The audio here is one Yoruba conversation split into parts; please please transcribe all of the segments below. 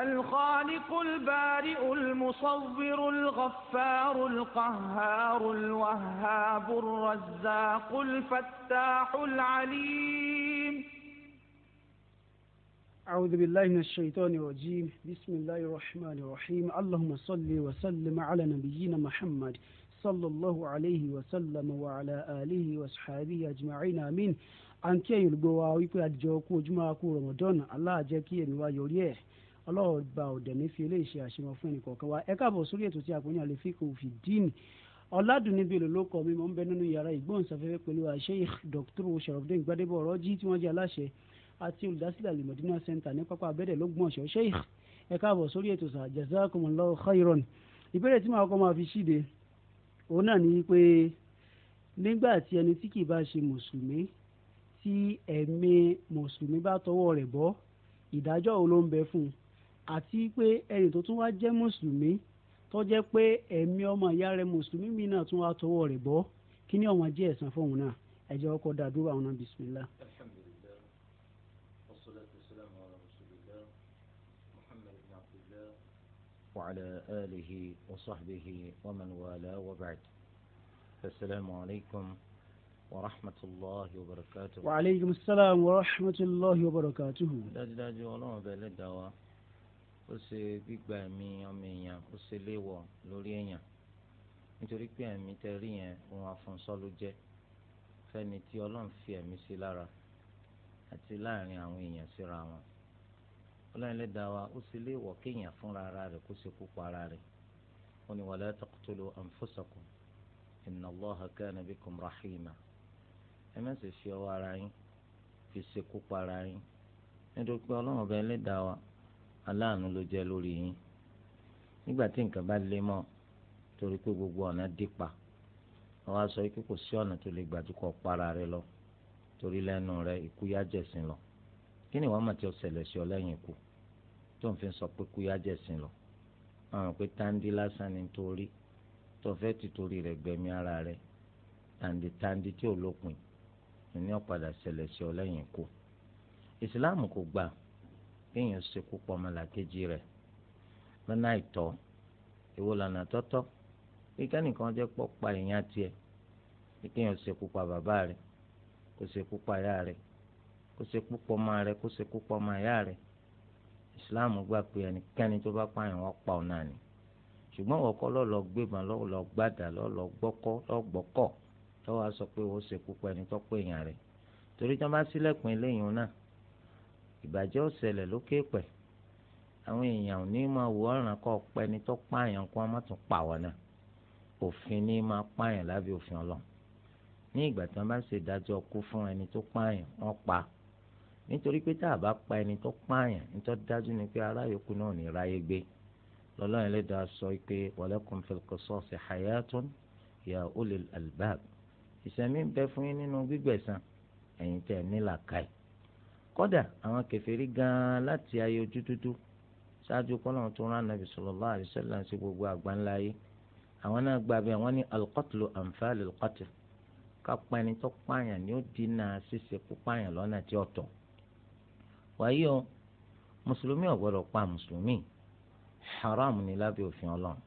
الخالق البارئ المصور الغفار القهار الوهاب الرزاق الفتاح العليم أعوذ بالله من الشيطان الرجيم بسم الله الرحمن الرحيم اللهم صل وسلم على نبينا محمد صلى الله عليه وسلم وعلى آله وصحبه أجمعين آمين أنكي يلقوا olùgbọ́ wa جمعكو رمضان الله ojúmọ́ akú يوليه ọlọ́run gba ọ̀dẹ̀ ní fi eléyìí ṣe àṣemọ fún ẹnìkọ̀ọ̀kan wa ẹ káàbọ̀ sórí ètò tí a pè ní àlefíkò fìdíìnì ọ̀làdùnní bèlò ló kọ́ mi mọ̀ ń bẹ nínú yàrá ìgbóhùnsáfẹ́fẹ́ pẹ̀lú Sheikh Dr. Sharafdin Gbadebo Ọ̀rọ̀jí tí wọ́n jẹ́ aláṣẹ àti olùdásílẹ̀ alimọ̀dínà center ní pápá abẹ́dẹ̀ lọ́gbọ̀nsọ̀ Sheikh ẹ káàbọ̀ sórí ètò sà jazakumullahu khairan ìbéèrè tí màá kọ́ máa fi ṣíde òun náà ni pé nígbà tí ẹni tí kìí bá ṣe ìdájọ́ wo ló ń bẹ fún un àti pé ẹni tó tún wá jẹ́ mùsùlùmí tó jẹ́ pé ẹ̀mí ọmọ ìyá rẹ̀ mùsùlùmí mi náà tún wá tọwọ́ rẹ̀ bọ́ kí ni ọmọ jẹ́ ẹ̀san fóun náà ẹ jẹ́ ọkọ̀ dàdúrà àwọn náà bisimilá. alhamdulillah wassalatu wassalamu ala rasulillah muhammad ibn abdullah ورحمة الله وبركاته وعليكم السلام ورحمة الله وبركاته لا لا لا لا لا ó ṣe gbígba ẹ̀mí ọmọ èèyàn ó ṣe léwọ̀ lórí èèyàn nítorí pé ẹ̀mí tẹ rí yẹn òun àfọ̀nsọ́ ló jẹ́ fẹ́ni tí ọlọ́run fi ẹ̀mí sí lára àti láàrin àwọn èèyàn síra wọn ọlọ́run lè dá wa ó sì lè wọ̀ kéèyàn fúnra ara rẹ̀ kó ṣekú pa ara rẹ̀ ó ní wala taqtulu anfusakum inna Allaha kana bikum rahima ẹ má sì fi ọwọ́ ara yín fi ṣekú pa ara yín nítorí pé ọlọ́run ọba ẹ wa aláàánú ló jẹ́ lórí yín nígbà tí nǹkan bá lé mọ́ torí pé gbogbo ọ̀nà dípa wọ́n á sọ pé kò sí ọ̀nà tó lè gbàdúkọ̀ para rẹ lọ torí lẹ́nu rẹ ikú yá jẹ̀sìn lọ kí ni wọ́n mọ̀ tí ó ṣẹlẹ̀ sí ọ lẹ́yìn ikú tó ń fi sọ pé ikú lọ wọ́n mọ̀ pé táǹdì lásán ni torí tó fẹ́ ti torí rẹ̀ gbẹ̀mí ara rẹ táǹdì táǹdì tí ò lópin ìní ọ̀padà ṣẹlẹ̀ sí ọ lẹ́yìn ikú ìsìláàmù kò gbà kéèyàn ṣekú pa ọmọlàkejì rẹ̀ lọ́nà àìtọ́ èwo lọ́nà tọ́tọ́ bí kẹ́nìkan jẹ́ pọ́ pa èèyàn tiẹ̀ bí kéèyàn ṣekú pa bàbá rẹ̀ kó pa ìyá rẹ̀ kó ọmọ rẹ̀ kó ọmọ ìyá rẹ̀ ìsìláàmù gbà pé ẹnikẹ́ni tó bá pààyàn ṣùgbọ́n wọ́n kọ́ lọ́ọ́ lọ lọ́ọ́ lọ gbàdà lọ́ọ́ lọ gbọ́kọ́ lọ́ọ́ gbọ́kọ́ lọ́wọ́ sọ pé wọ́n ìbàjẹ́ ò ṣẹlẹ̀ lókè pẹ̀ àwọn èèyàn ò ní máa wọ ọ̀ràn kọ́ pẹ́ ni tó pààyàn kó má tún pa wọ́n náà òfin ní máa pààyàn lábẹ́ òfin ọlọ́run ní ìgbà tí wọ́n bá ṣe ìdájọ́ kú fún ẹni tó pààyàn wọ́n pa nítorí pé tá a bá pa ẹni tó pààyàn nítorí dájú ni pé aráyòkú náà ní ráyé gbé lọ́lọ́run ẹlẹ́dàá sọ pé walakum fil qisasi hayatun ya ulil albab ìṣẹ̀mí bẹ fún yín nínú gbígbẹ̀san ẹ̀yin tẹ̀ nílàkàyè kódà àwọn kèfèrí gan-an láti ayé ojú dúdú ṣáájú kọ́nà tó rán anabi sallallahu alaihi wasallam sí gbogbo àgbáńlá yìí àwọn náà gba bẹ́ẹ̀ wọ́n ní alqatlu anfalil qatl kápá ẹni tó pààyàn ni ó dínà ṣíṣe kó pààyàn lọ́nà tí ó tọ́ wáyé o mùsùlùmí ò pa mùsùlùmí haram ni lábẹ́ òfin ọlọ́run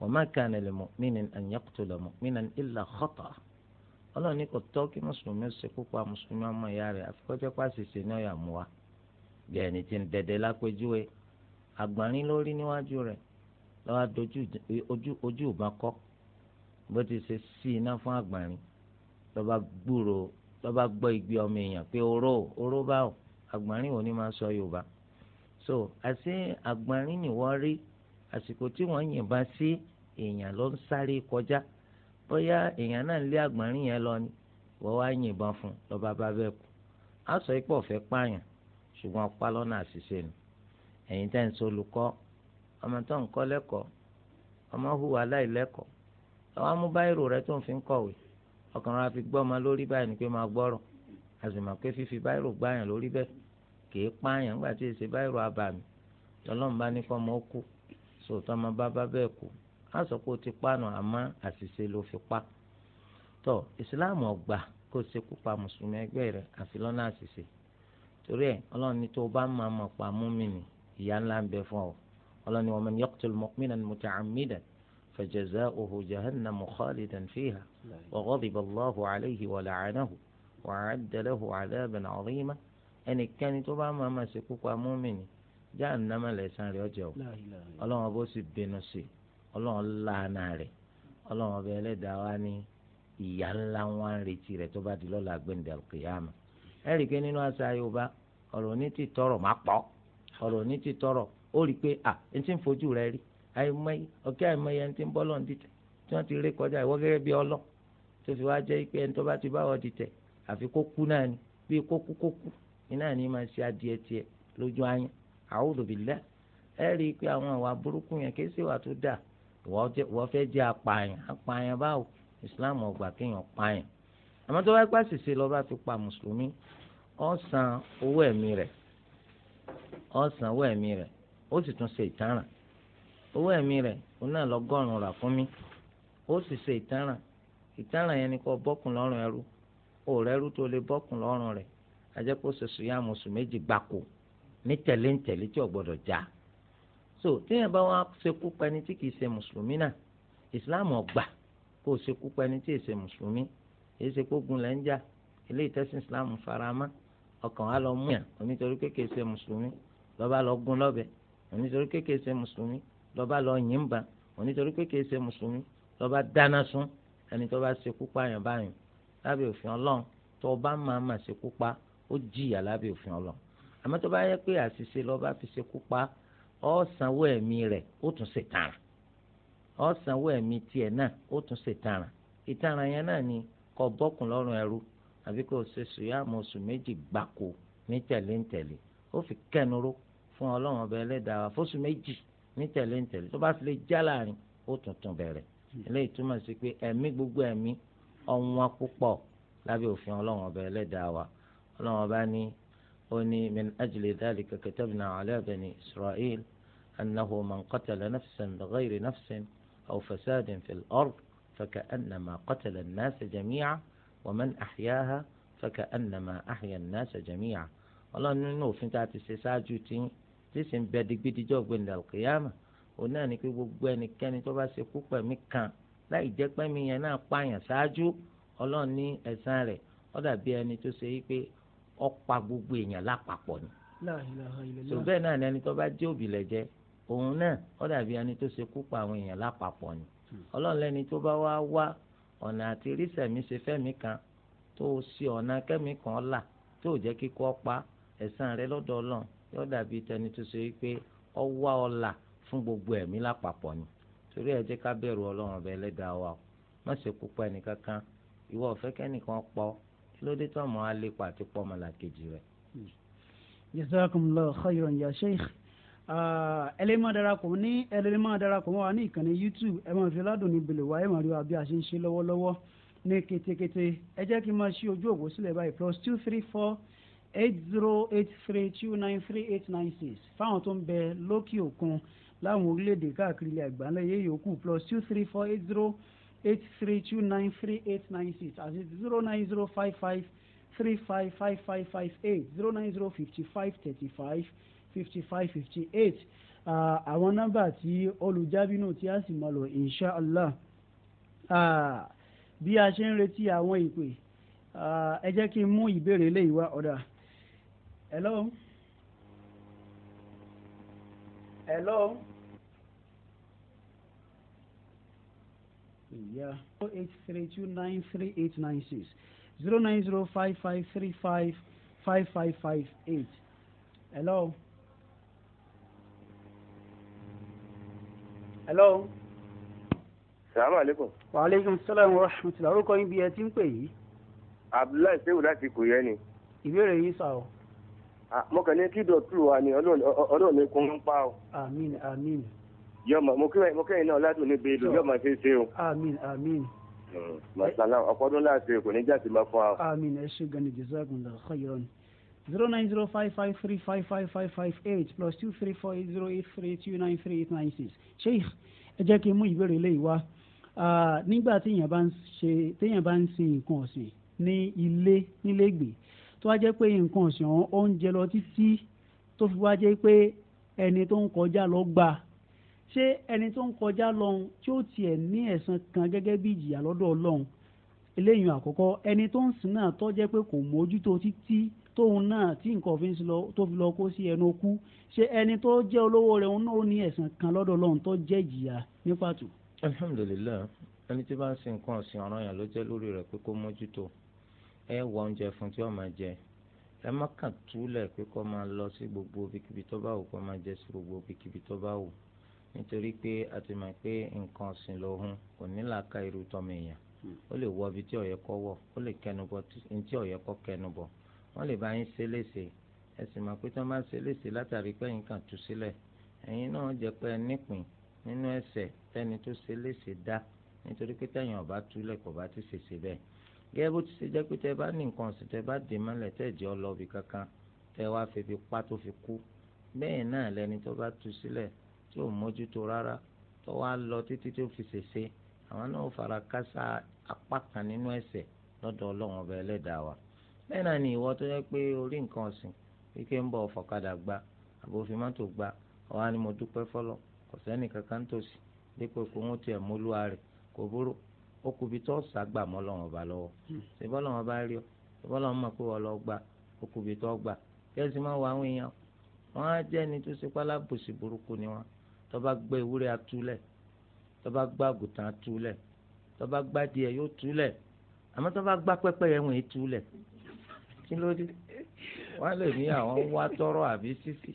wa ma kana li mu'minin an yaqtula mu'minan illa khata' ọlọ́run ní kò tọ́ kí mùsùlùmí ṣe púpọ̀ mùsùlùmí ọmọ ìyá rẹ̀ àfikọ́jọ́ pàṣẹṣe ní ọ̀yà mú wa bí ẹni tí ń dẹ̀dẹ̀ lápẹ́júwe àgbọ̀nrín lórí níwájú rẹ̀ lọ́wọ́ dojú ojú ìbọn kọ́ bó ti ṣe sí iná fún àgbọ̀nrín lọ́ba gbúrò lọ́ba gbọ́ igbe ọmọ èèyàn pé oró oró báwò àgbọ̀nrín ò ní máa sọ yorùbá so àti àgbọ̀nrín ni wọ́n rí àsìkò tí wọ́n yìnbọn sí èèyàn ló ń sáré kọjá bóyá èèyàn náà lé àgbọ̀nrín yẹn lọ ni wọ́n wá yìnbọn fún lọ́ba bá bẹ́ẹ̀ kú á sọ ipò ọ̀fẹ́ pààyàn ṣùgbọ́n ọpá lọ́nà àṣìṣe ni ẹ̀yin tẹ́ ń sọ olùkọ́ ọmọ tó ń kọ́ lẹ́kọ̀ọ́ ọmọ hùwà láìlẹ́kọ̀ọ́ lọ́wọ́ mú báyìí rẹ̀ tó ń fi ń kọ̀wé ọkàn rẹ̀ fi gbọ́ ọmọ lórí báyìí ni pé máa gbọ́rọ̀ àzùmọ̀ pé fífi báyìí gbáyàn lórí má sọ pé o ti pánu àmọ́ àṣìṣe ló fi pa tó ìsìláàmù ọgbà kó ṣe kú pa mùsùlùmí ẹgbẹ́ rẹ̀ àfi lọ́nà àṣìṣe torí ẹ̀ ọlọ́run ní tó o bá máa mọ̀ pa múmìnì ìyá ńlá ń bẹ fún ọ ọlọ́run ní wa man yaqtul mu'minan muta'ammidan فجزاؤه جهنم خالدا فيها وغضب الله عليه ولعنه وأعد له عذابا عظيما ẹnì kan tó bá máa ma ṣekú pa mùmínì jahannama lẹ̀san rẹ̀ ọlọ́run làánà rẹ̀ ọlọ́run ọba ẹlẹ́dàá wa ní ìyá ńlá wọn ń retí rẹ̀ tó bá di lọ́la gbẹ̀ǹdẹ̀ kìyàmù ẹ rí i pé nínú àṣà yorùbá ọ̀rọ̀ ní ti tọrọ má pọ̀ ọ̀rọ̀ ní ti tọrọ ó rí i pé à ń ti ń fojú rẹ rí àìmọye ọ̀kẹ́ àìmọye ẹni tí ń bọ́lọ̀ ń dìtẹ̀ tí wọ́n ti rí kọjá ìwọ gẹ́gẹ́ bí ọlọ́ tó fi wá jẹ́ pé ẹni tó bá ti bá wọn dìtẹ̀ àfi kó náà ni bí kókú kókú iná ni máa ṣe adìẹ tiẹ̀ lójú ayé àwòrán bìlẹ̀ ẹ rí i pé àwọn àwa burúkú yẹn kì í tó dáa wọ́n fẹ́ jẹ́ apààyàn apààyàn báwo islam ọgbà kéèyàn pààyàn àmọ́ tó bá gbà ṣèṣe lọ bá fi pa mùsùlùmí ó san owó ẹ̀mí rẹ̀ ó san owó ẹ̀mí rẹ̀ ó sì tún ṣe ìtaràn owó ẹ̀mí rẹ̀ òun náà lọ́gọ́rùn-ún rà fún mi ó sì ṣe ìtaràn ìtaràn yẹn ni kò bọ́kùn lọ́rùn ẹrú ó rẹ́rú tó lè bọ́kùn lọ́rùn rẹ̀ ajẹ́pọ̀ ṣoṣo yá mùsùlùmí méjì gbáko ní tẹ̀léńtẹ̀lé tí ò gbọ́dọ̀ já. Ja so téèyàn bá wá ṣekú pa ẹni tí kìí ṣe mùsùlùmí náà ìsìláàmù ọgbà kó o ṣekú pa ẹni tí kìí ṣe mùsùlùmí èyí ṣe kó gun lẹ́ńjà ilé ìtẹ́sìn ìsìláàmù faramá ọkàn wa lọ mú yàn onítorí pé kìí ṣe mùsùlùmí lọ́ba lọ gun lọ́bẹ onítorí pé kìí ṣe mùsùlùmí lọ́ba lọ yìnbọn onítorí pé kìí ṣe mùsùlùmí lọ́ba dáná sun ẹni tó bá ṣekú pa yàn báyìí lábẹ́ òfin ọlọ́run tó bá máa máa ṣekú pa ó jìyà lábẹ́ òfin ọlọ́run àmọ́ tó bá yẹ pé àṣìṣe lọ́ba fi ṣekú pa á ọ sanwó ẹ̀mí rẹ̀ ó tún ṣe tààrà ọ sanwó ẹ̀mí tiẹ̀ náà ó tún ṣe tààrà ìtààrà yẹn náà ni kó bọ́kùn lọ́rùn ẹrú àbí kó ṣe sùyàmù oṣù méjì gbáko ní tẹ̀léńtẹ̀lé ó fi kẹnuró fún ọlọ́run ọba ẹlẹ́dàá wa fóṣù méjì ní tẹ̀léńtẹ̀lé tó bá fi lè já láàrin ó tuntun bẹ̀rẹ̀ eléyìí túmọ̀ sí pé ẹ̀mí gbogbo ẹ̀mí ọ̀wọ́n púpọ̀ lábẹ́ òfin ọlọ́run ọba ẹlẹ́dàá wa ọlọ́run ọba ní ó ní min ajli dhalika katabna ala bani Isra'il أنه من قتل نفسا بغير نفس أو فساد في الأرض فكأنما قتل الناس جميعا ومن أحياها فكأنما أحيا الناس جميعا ọlọ́run nínú òfin tá a ti ṣe ṣáájú tí tí sì ń bẹ digbídijọ́ gbẹ̀ndà kìyàmà òun náà ni pé gbogbo ẹnikẹ́ni tó bá ṣe kú pẹ̀mí kan láì jẹ́ pẹ́mí yẹn náà pààyàn ṣáájú ọlọ́run ní ẹ̀san rẹ̀ ó dàbí ẹni tó ṣe wípé ó pa gbogbo èèyàn lápapọ̀ ni. sọ bẹ́ẹ̀ náà ni ẹni tó bá jẹ́ òbílẹ̀ jẹ́ òun náà ó dàbí ẹni tó ṣe kú pa àwọn èèyàn lápapọ̀ ni ọlọ́run lẹ́ni tó bá wá wá ọ̀nà àti rísẹ̀mí ṣe fẹ́mi kan tó o ṣe ọ̀nà kẹ́mi kan là tó o jẹ́ kíkọ́ pa ẹ̀san rẹ lọ́dọ̀ ọlọ́run yóò dàbí tẹni tó ṣe wípé ọ wá ọlà fún gbogbo ẹ̀mí lápapọ̀ ni torí ẹ jẹ́ ká bẹ̀rù ọlọ́run ọbẹ̀ ẹlẹ́dàá wa o má ṣe kú pa ẹnìkankan ìwọ ọ̀fẹ́ kẹ́nìkan pọ̀ kí ló dé tó àmọ́ alẹ́ pa àti pọ́ ọmọlàkejì rẹ̀. jazakumullahu khairan ya sheikh Ah, ẹ lè máa darapọ̀ ní ẹ lè máa darapọ̀ wá ní ìkànnì YouTube ẹ máa fi ládùn ní bèlè wá ẹ máa rí wa bí a ṣe ń ṣe lọ́wọ́lọ́wọ́ ní ketekete ẹ jẹ́ kí n máa ṣí ojú òpó sílẹ̀ báyìí plus two three four eight zero eight three two nine three eight nine six fáwọn tó ń bẹ lókè òkun láwọn orílẹ̀-èdè káàkiri ilẹ̀ àgbáńlá yẹ yòókù plus two three four eight zero eight three two nine three eight nine six àti zero nine zero five five three five five five five eight zero nine zero fifty five thirty five fifty five fifty eight àwọn nọ́mbà tí olùjábínú tí a sì mọ̀ lọ inshallah bí a ṣe ń retí àwọn ìpè ẹ jẹ́ kí n mú ìbéèrè eléyìí wá ọ̀dà hello hello Yeah. zero eight three hello. hello. salamu aleykum. wa aleykum salaam wa rahmatulah orúkọ yín bí ẹ ti ń pè yìí. abdullahi sehu láti kò yẹ ni. ìbéèrè yìí sà o. Ah, mo kàn ní kí dọ̀tú wa ni ọlọ́run ní kún ń pa o. àmín àmín. yọmọ mo kẹ́yìn náà ládùn níbi ìlú yọmọ fi ṣe o. àmín àmín. Mm, masala ọkọ ọdún láti kò ní jáde máa fún wa. àmín ẹ ṣe gan ni jazakumullahu khairan ni zero nine zero five five three five five five five eight plus two three four eight zero eight three two nine three eight nine six sheikh ẹ jẹ́ kí n mú ìbéèrè eléyìí wá nígbà téèyàn bá ń ṣe téèyàn bá ń sin nǹkan ọ̀sìn ní ilé nílégbè tó wá jẹ́ pé nǹkan ọ̀sìn ọ̀hún ó ń jẹ lọ títí tó fi wá jẹ́ pé ẹni tó ń kọjá lọ gbà ṣé ẹni tó ń kọjá lọ tí ó tiẹ̀ ní ẹ̀san kan gẹ́gẹ́ bí ìjìyà lọ́dọ̀ ọlọ́run eléyìí àkọ́kọ́ ẹni tó ń sìn náà tó pé kò mójútó títí tóun náà tí nǹkan fi ń lọ tó fi lọ kó sí ẹnu kú ṣé ẹni tó jẹ́ olówó rẹ̀ òun náà ní ẹ̀sán kan lọ́dọ̀ Ọlọ́run tó jẹ́ ìjìyà ní pàtó. alhamdulilayi ẹni tí bá ń sin nǹkan ọ̀sìn ọ̀ràn yàn ló jẹ́ lórí rẹ̀ pé kó mójútó ẹ wọ oúnjẹ fún tí ó máa jẹ ẹ má kàn túlẹ̀ pé kó máa lọ sí gbogbo ibikíbi tó bá wù kó máa jẹ sí gbogbo ibikíbi tó bá wù nítorí pé a ti mọ̀ pé nǹkan ọ̀sìn lòun kò ní làákà irú tọmọ èèyàn ó lè wọ ibi tí ó wọ̀ ó lè kẹnubọ tí ó kẹnubọ wọ́n lè bá yín ṣe léṣe ẹ sì mọ̀ pé tí wọ́n bá ṣe léṣe látàrí pé yín kàn tú sílẹ̀ ẹ̀yin náà jẹ́ pé ẹ nípìn nínú ẹ̀ṣẹ̀ tẹ́ni tó ṣe léṣe dá nítorí pé tẹ̀yìn ọ̀bá túlẹ̀ kò bá ti ṣèṣe bẹ́ẹ̀ gẹ́gẹ́ bó ti ṣe jẹ́ pé tẹ bá ní nǹkan ọ̀sìn tẹ bá dè mọ́lẹ̀ tẹ̀ jẹ́ ọlọ́ọ̀bì kankan tẹ wá fi fi pa tó fi kú bẹ́ẹ̀ náà lẹni tó bá bẹ́ẹ̀ náà ni ìwọ tó yẹ pé orí nǹkan ọ̀sìn wípé ń bọ̀ ọ̀fọ̀kadà gba àbò fi mọ́tò gba ọ̀hún á ní mo dúpẹ́ fọlọ́ kò sẹ́ni kankan tòsí dípò pé wọ́n tiẹ̀ mólúwa rẹ̀ kò búrò ó kú ibi tó sàgbà mọ́ lọ́wọ́n ọba lọ́wọ́ ṣèbọ́ lọ́wọ́n bá rí ọ ṣèbọ́ lọ́wọ́n mọ̀ pé wọ́n lọ gba ó kú ibi tó gbà kẹ́sì máa wà àwọn èèyàn wọ́n á jẹ́ ẹni tó ṣe pálábùsì burúkú ni wọ́n tó gbé ewúrẹ́ atúlẹ̀ tó gbá àgùntàn atúlẹ̀ tó gbá díẹ̀ yóò túlẹ̀ àmọ́ tó bá gbá pẹ́pẹ́yẹ wọn ètúlẹ̀ kí ló dé wọ́n lè ní àwọn wá tọrọ àbí sísì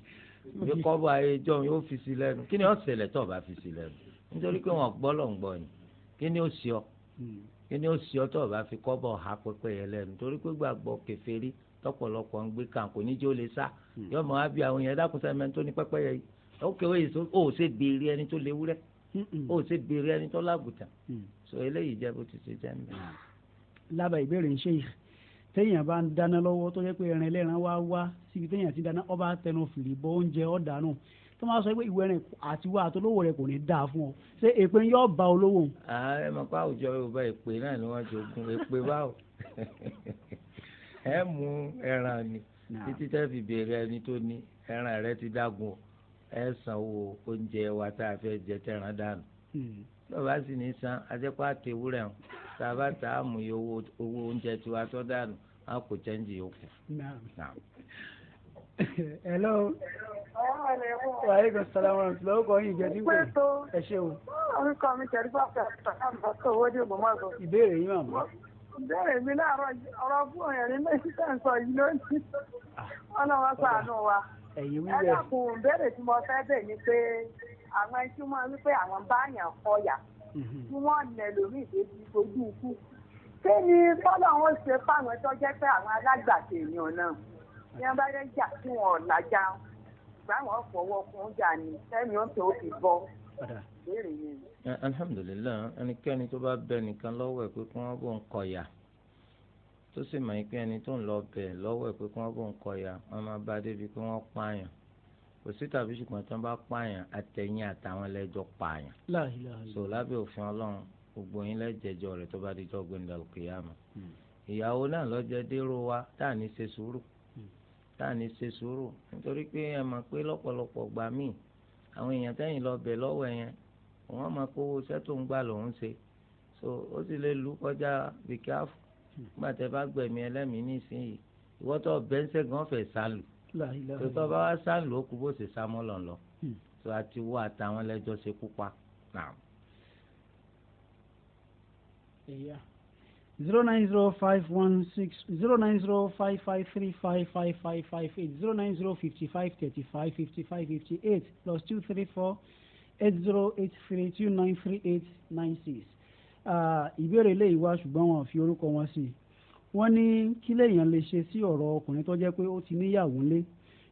bí kọ́bù ayéjọ́ yóò fi sí lẹ́nu kí ni ó ṣẹlẹ̀ tó bá fi sí lẹ́nu nítorí pé wọ́n gbọ́ lọ́n gbọ́ yìí kí ni ó sì ọ́ hmm. kí ni ó sì ọ́ tó bá fi kọ́bù ha pépé yẹn lẹ́nu torí pé gbàgbọ́ kèfèrí tọ́pọ̀lọpọ̀ ń gbé kan kò ní jẹ́ ó lè sá hmm. yóò mọ̀ wá bí àwọn yẹn dákun sẹ́mi tó ní pẹ́pẹ́ yẹn ó kéwé yìí ó ṣe béèrè ẹni tó léwúrẹ́ ó ṣe béèrè ẹni tó lágùtàn hmm. so eléyìí jẹ́ bó ti ṣe jẹ́ mi. Ah. lábàá ìbéèrè ń ṣe yìí téèyàn bá ń dáná lọ́wọ́ tó yẹ pé ẹran ẹlẹ́ran wá wá síbi téèyàn ti dáná ọba tẹnu fìlì bọ oúnjẹ ọ̀dà náà tó máa sọ pé ìwé rẹ àti wá àtolówó rẹ kò ní dáa fún ọ ṣé èpè ń yọ ba olówó. ààrẹ mọ pa àwùjọ yorùbá èpè náà ni wọn jogun èpè báwo ẹ mú ẹran ni títí tẹ́ fi béèrè ẹni tó ní ẹran rẹ ti dágun ẹ sanwó oúnjẹ wa tá a fẹ́ jẹ tẹ́ran dànù. Hmm bàbá sì ní san àjẹpọ̀ àtẹwúrẹ̀ hàn tàbá tà á mú iye owó oúnjẹ tiwa tó dànù á kò chẹ́ǹjì yòókù. hello. wa aleykum salaam wa rahmatulah o kò yin ìjẹ́ dínkù ẹ ṣeun. orúkọ mi jẹ́ nípa pẹ̀lú àwọn ọkọ̀ owó ní ògbómọ̀ṣọ́. ìbéèrè yín màmá. ìbéèrè mi láàárọ̀ ọ̀rọ̀ fún ẹ̀rín méjì tẹ̀ ń sọ yìí lónìí. Ah. ọlọ́wọ́ ṣàánú wa. ẹ̀yin wíwẹ̀. ẹ ni pé àwọn ẹni tí wọ́n wípé àwọn báyàn kọyà mhm. tí wọ́n nà lómìn tó ti ikú kí ni bọ́lá wọn ṣe fáwọn tó jẹ́ pé àwọn alágbàtà èèyàn náà ní wọ́n bá rẹ́ jà tí wọn ò lájà báwọn fọwọ́ kún jà ní sẹ́mi ó tó fi bọ́ béèrè yẹn. alhamdulilayi ẹnikẹ́ni tó bá bẹ nìkan lọ́wọ́ ẹ̀ pé kí wọ́n bò ń kọyà tó sì mọ̀ pé ẹni tó ń lọ bẹ̀ lọ́wọ́ ẹ̀ pé kí wọ́n bò ń kọyà wọ́n máa bá débi pé wọ́n pààyàn kò sí tàbí ṣùgbọ́n tí wọ́n bá pààyàn àtẹ̀yìn àtàwọn ẹlẹ́jọ́ pààyàn. so lábẹ́ òfin ọlọ́run gbogbo yín lẹ́jẹ̀jọ́ rẹ̀ tó bá dijọ́ gbẹ̀ndà kìyàmù. Hmm. ìyàwó náà lọ́jọ́ dérò wa tá à ní ṣe sùúrù hmm. tá à ní ṣe sùúrù nítorí pé ẹ mọ̀ pé lọ́pọ̀lọpọ̀ gbà míì àwọn èèyàn tẹ́yìn lọ bẹ̀ lọ́wọ́ yẹn wọ́n máa kówó iṣẹ́ tó ń gbà lòún ṣe so ó sì lè lù kọjá bìkáfù hmm. nígbà tẹ́ bá gbẹ̀mí ẹlẹ́mìí nísìnyí ìwọ́tọ̀ bẹ́ńsẹ̀ gan fẹ̀ sálù tòótọ́ bá wá sá lò ó kú bó ṣe sá mọ́ lọ́n lọ tó hmm. a ti wọ́ àtàwọn lẹ́jọ́ ṣe kú pa zero nine zero five one six zero nine zero five five three five five five five eight zero nine zero fifty five thirty five fifty five fifty eight plus two three four eight zero eight three two nine three eight nine six. Ah, ìbéèrè lè wá ṣùgbọ́n wọn fi orúkọ wọn sí i wọ́n ní kí lèèyàn lè ṣe sí ọ̀rọ̀ ọkùnrin tó jẹ́ pé ó ti níyàwó ńlé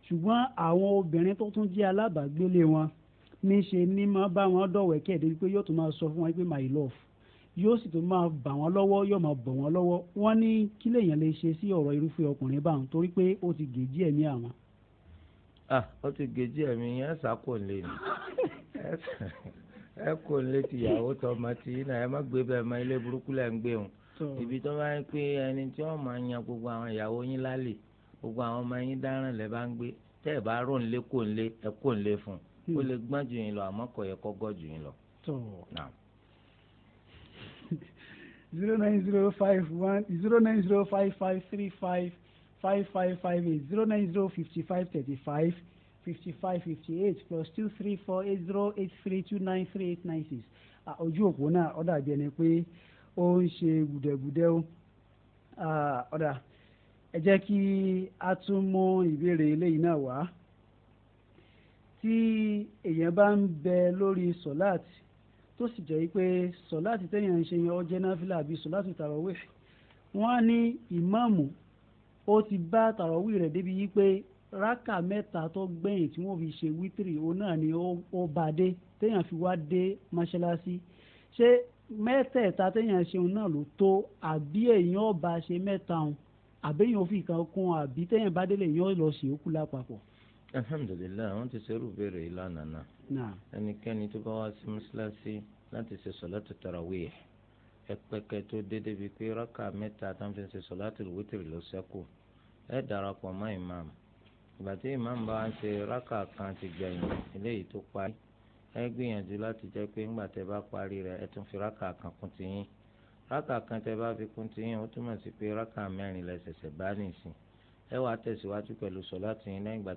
ṣùgbọ́n àwọn obìnrin tó tún jẹ́ alábàágbélé wọn níṣe ní máa bá wọn dọ̀wẹ́kẹ̀ débi pé yóò tún máa sọ fún wọn pé my love yóò sì tún máa bà wọ́n lọ́wọ́ yóò máa bọ̀ wọ́n lọ́wọ́ wọ́n ní kí lèèyàn lè ṣe sí ọ̀rọ̀ irúfẹ́ ọkùnrin báwọn torí pé ó ti gèjì ẹ̀mí àwọn. ah ó ti gèjì ẹ̀mí yẹn sàkó lè ní ẹ kò lè tìyàwó tọmọ tì í náà ẹ má gbé bẹ́ẹ̀ mọ ilé burúkú lẹ́ ń gbé wọn ibi tó bá yẹ pé ẹni tí wọ́n máa yan gbogbo àwọn ìyàwó yín lálẹ́ gbogbo àwọn ọmọ yín dáràn lẹ́ bá ń gbé tẹ́ ẹ̀ bá rò ń lé kò ń lé ẹ kò ń lé fún un hmm. ó lè gbọ́n jù yín lọ àmọ́ kò yẹ kó gọ́ jù yín lọ. zero nine zero five one zero nine zero five five three five five five five eight zero nine zero fifty five thirty five fifty five fifty eight plus two three four eight zero eight three two nine three eight nine six ojú òpó náà ó dàbí ẹni pé ó ń ṣe gùdẹ̀gùdẹ̀ ó ọ̀dà ẹ jẹ́ kí a tún mú ìbéèrè eléyìí náà wá tí èèyàn bá ń bẹ lórí sọ̀láàtì tó sì jẹ́ pé sọ̀láàtì téèyàn ń ṣe yẹn ó jẹ́ náfìlà àbí sọ̀láàtì tàràwíì wọ́n á ní ìmáàmù ó ti bá tàràwíì rẹ̀ débi yí pé rákà mẹ́ta tó gbẹ̀yìn tí wọ́n fi ṣe wítìrì òun náà ni ó bá dé téèyàn fi wá dé mọ́ṣáláṣí ṣé mẹ́tẹ̀ẹ̀ta téèyàn ṣeun náà ló tó àbí èèyàn ọba ṣe mẹ́ta òun àbí èèyàn fi kan kún àbí téèyàn bá délé èèyàn lọ ṣe òkú lápapọ̀. alhamdulilayi wọn ti ṣerú béèrè ìlànà náà ẹnikẹ́ni tó bá wá sí mọ́ṣáláṣí láti ṣe sọ̀látù tarawih ẹ̀pẹ̀kẹ́ tó dédé bíi pé rákà mẹ́ta táwọn ṣe sọ̀látù wítìrì ló ṣẹ́kù ẹ̀ darapọ̀ mọ́ ìmáàmù ìgbà tí ìmáàmù bá ń ṣe rákà kan ti gbẹ̀yìn eléyìí tó parí ẹ gbìyànjú láti jẹ́ pé ńgbà tẹ́ bá parí rẹ ẹ tún fi kan kún ti yín rákà kan tẹ bá fi kún ti yín ó túmọ̀ sí pé rákà mẹ́rin lẹ ṣẹ̀ṣẹ̀ bá nìsín ẹ wàá tẹ̀síwájú pẹ̀lú sọ̀láàtì yín lẹ́yìn ìgbà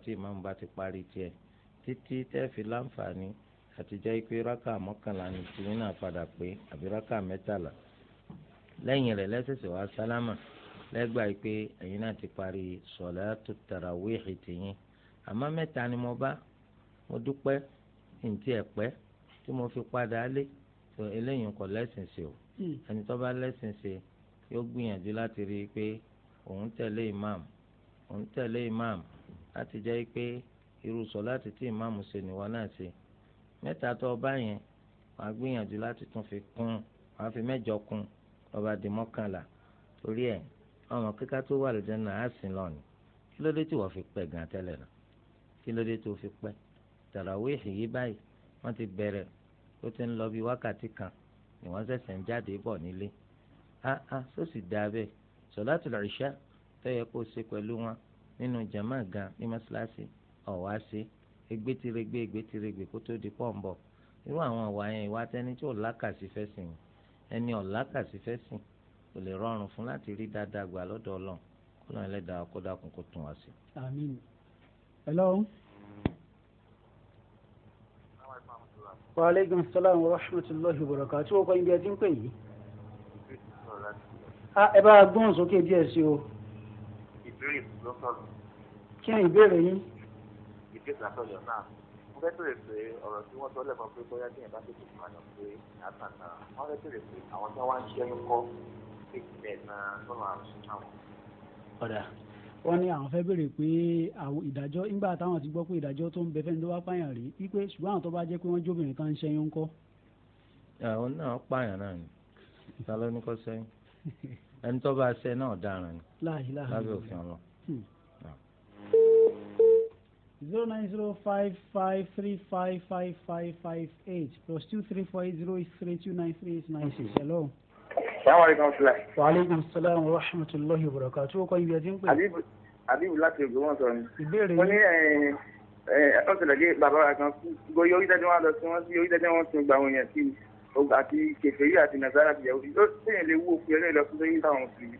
ti parí fi láǹfààní ni náà padà pé àbí rákà mẹ́tàlá lẹ́yìn rẹ̀ lẹ́sẹ̀sẹ̀ wá sálámà yìí pé ti ntí ẹ̀pẹ́ tí mo fi padà lé tó eléyìí kò lẹ́sìn sí o hmm. ẹni tó bá lẹ́sìn sí yóò gbìyànjú láti rí i pé òun tẹ̀lé imam òun tẹ̀lé imam láti jẹ́ pé irú sọ láti tí imam ṣe nìwọ náà ṣe mẹ́ta tó o bá yẹn wàá gbìyànjú láti tún fi kún wàá fi mẹ́jọ kún ọba di mọ́kànlá torí ẹ̀ ọmọ kíkà tó wà lójú náà á sìn lọ́ọ̀nì kí ló dé tí wọ́n fi pẹ́ gan tẹ́lẹ̀ náà kí ló dé tó fi pẹ́ tàràwéèhì yìí báyìí wọ́n ti bẹ̀rẹ̀ ó ti ń lọ bí wákàtí kan ni wọ́n ṣẹ̀ṣẹ̀ ń jáde bọ̀ nílé áá só sì dáa bẹ́ẹ̀ sọ̀láàtù ìṣá tó yẹ kó ṣe pẹ̀lú wọn nínú jàmá gan ní mọ́ṣáláṣí ọ̀wá ṣe egbétirégbé egbétirégbé kó tó di pọ́ǹbọ̀ irú àwọn ọ̀wá yẹn ìwà tẹni tí ò lákàsí fẹ́ sìn ẹni ò lákàsí fẹ́ sìn kò lè rọrùn fún láti rí dáadáa gbà lọ́dọ̀ ọlọ́run kó lóun ẹlẹ́dàá kó dákun kó tún wá sí. àmín. hello. wa aleykum salaam wa rahmatulahi wa barakatuh tí o kọ́ ibi ẹ ti ń pè yìí. Ah, ẹ bá a gbóhùn sókè díẹ̀ sí o. ìbéèrè lọ́sàn. kí ni ìbéèrè yín. ìbéèrè àtọ̀yọ̀ náà mo fẹ́ bèrè pé ọ̀rọ̀ tí wọ́n sọ lẹ́kọ̀ọ́ pé bóyá bí ìyẹn bá tètè máa yàn pé àtàtà wọ́n fẹ́ bèrè pé àwọn tí wọ́n wá ń ṣẹ́yún kọ́ pé ìpínlẹ̀ náà lọ́nà àrùn àwọn. ọ̀dà wọ́n ní àwọn fẹ́ béèrè pé àwọn ìdájọ́ nígbà táwọn ti gbọ́ pé ìdájọ́ tó ń bẹ fẹ́ni tó bá pààyàn rí wípé ṣùgbọ́n àwọn tó bá jẹ́ pé wọ́n jóbìnrin kan ń ṣẹ́yún ńkọ́. àwọn náà pààyàn náà ni ta ló ní kó ṣẹ́yún ẹni tó bá ṣe náà dáràn ni lábẹ́ òfin ọ̀rọ̀. Hmm. zero nine zero five five three five five five five eight plus two three four eight zero eight three two nine three eight nine six hello sàmà rẹ kan filẹ. wa aleykum salaam wa rahmatulahi wa barakatu o kọ ibi ẹtí ń pè. àbíbù àbíbù láti ògbó wọn sọ̀rọ̀ ni. ìbéèrè yìí. mo ní ọ sọ̀rọ̀ gé bàbá rẹ kan gbogbo yọrí dájú wọn lọ sí wọn sí yọrí dájú wọn sí gba àwọn èèyàn sí àti kẹfẹ́rí àti nàzàrà ti yàwó yóò sèyàn lè wú òfin ẹlẹ́yìn lọ fún sẹ́yìn táwọn mùsùlùmí.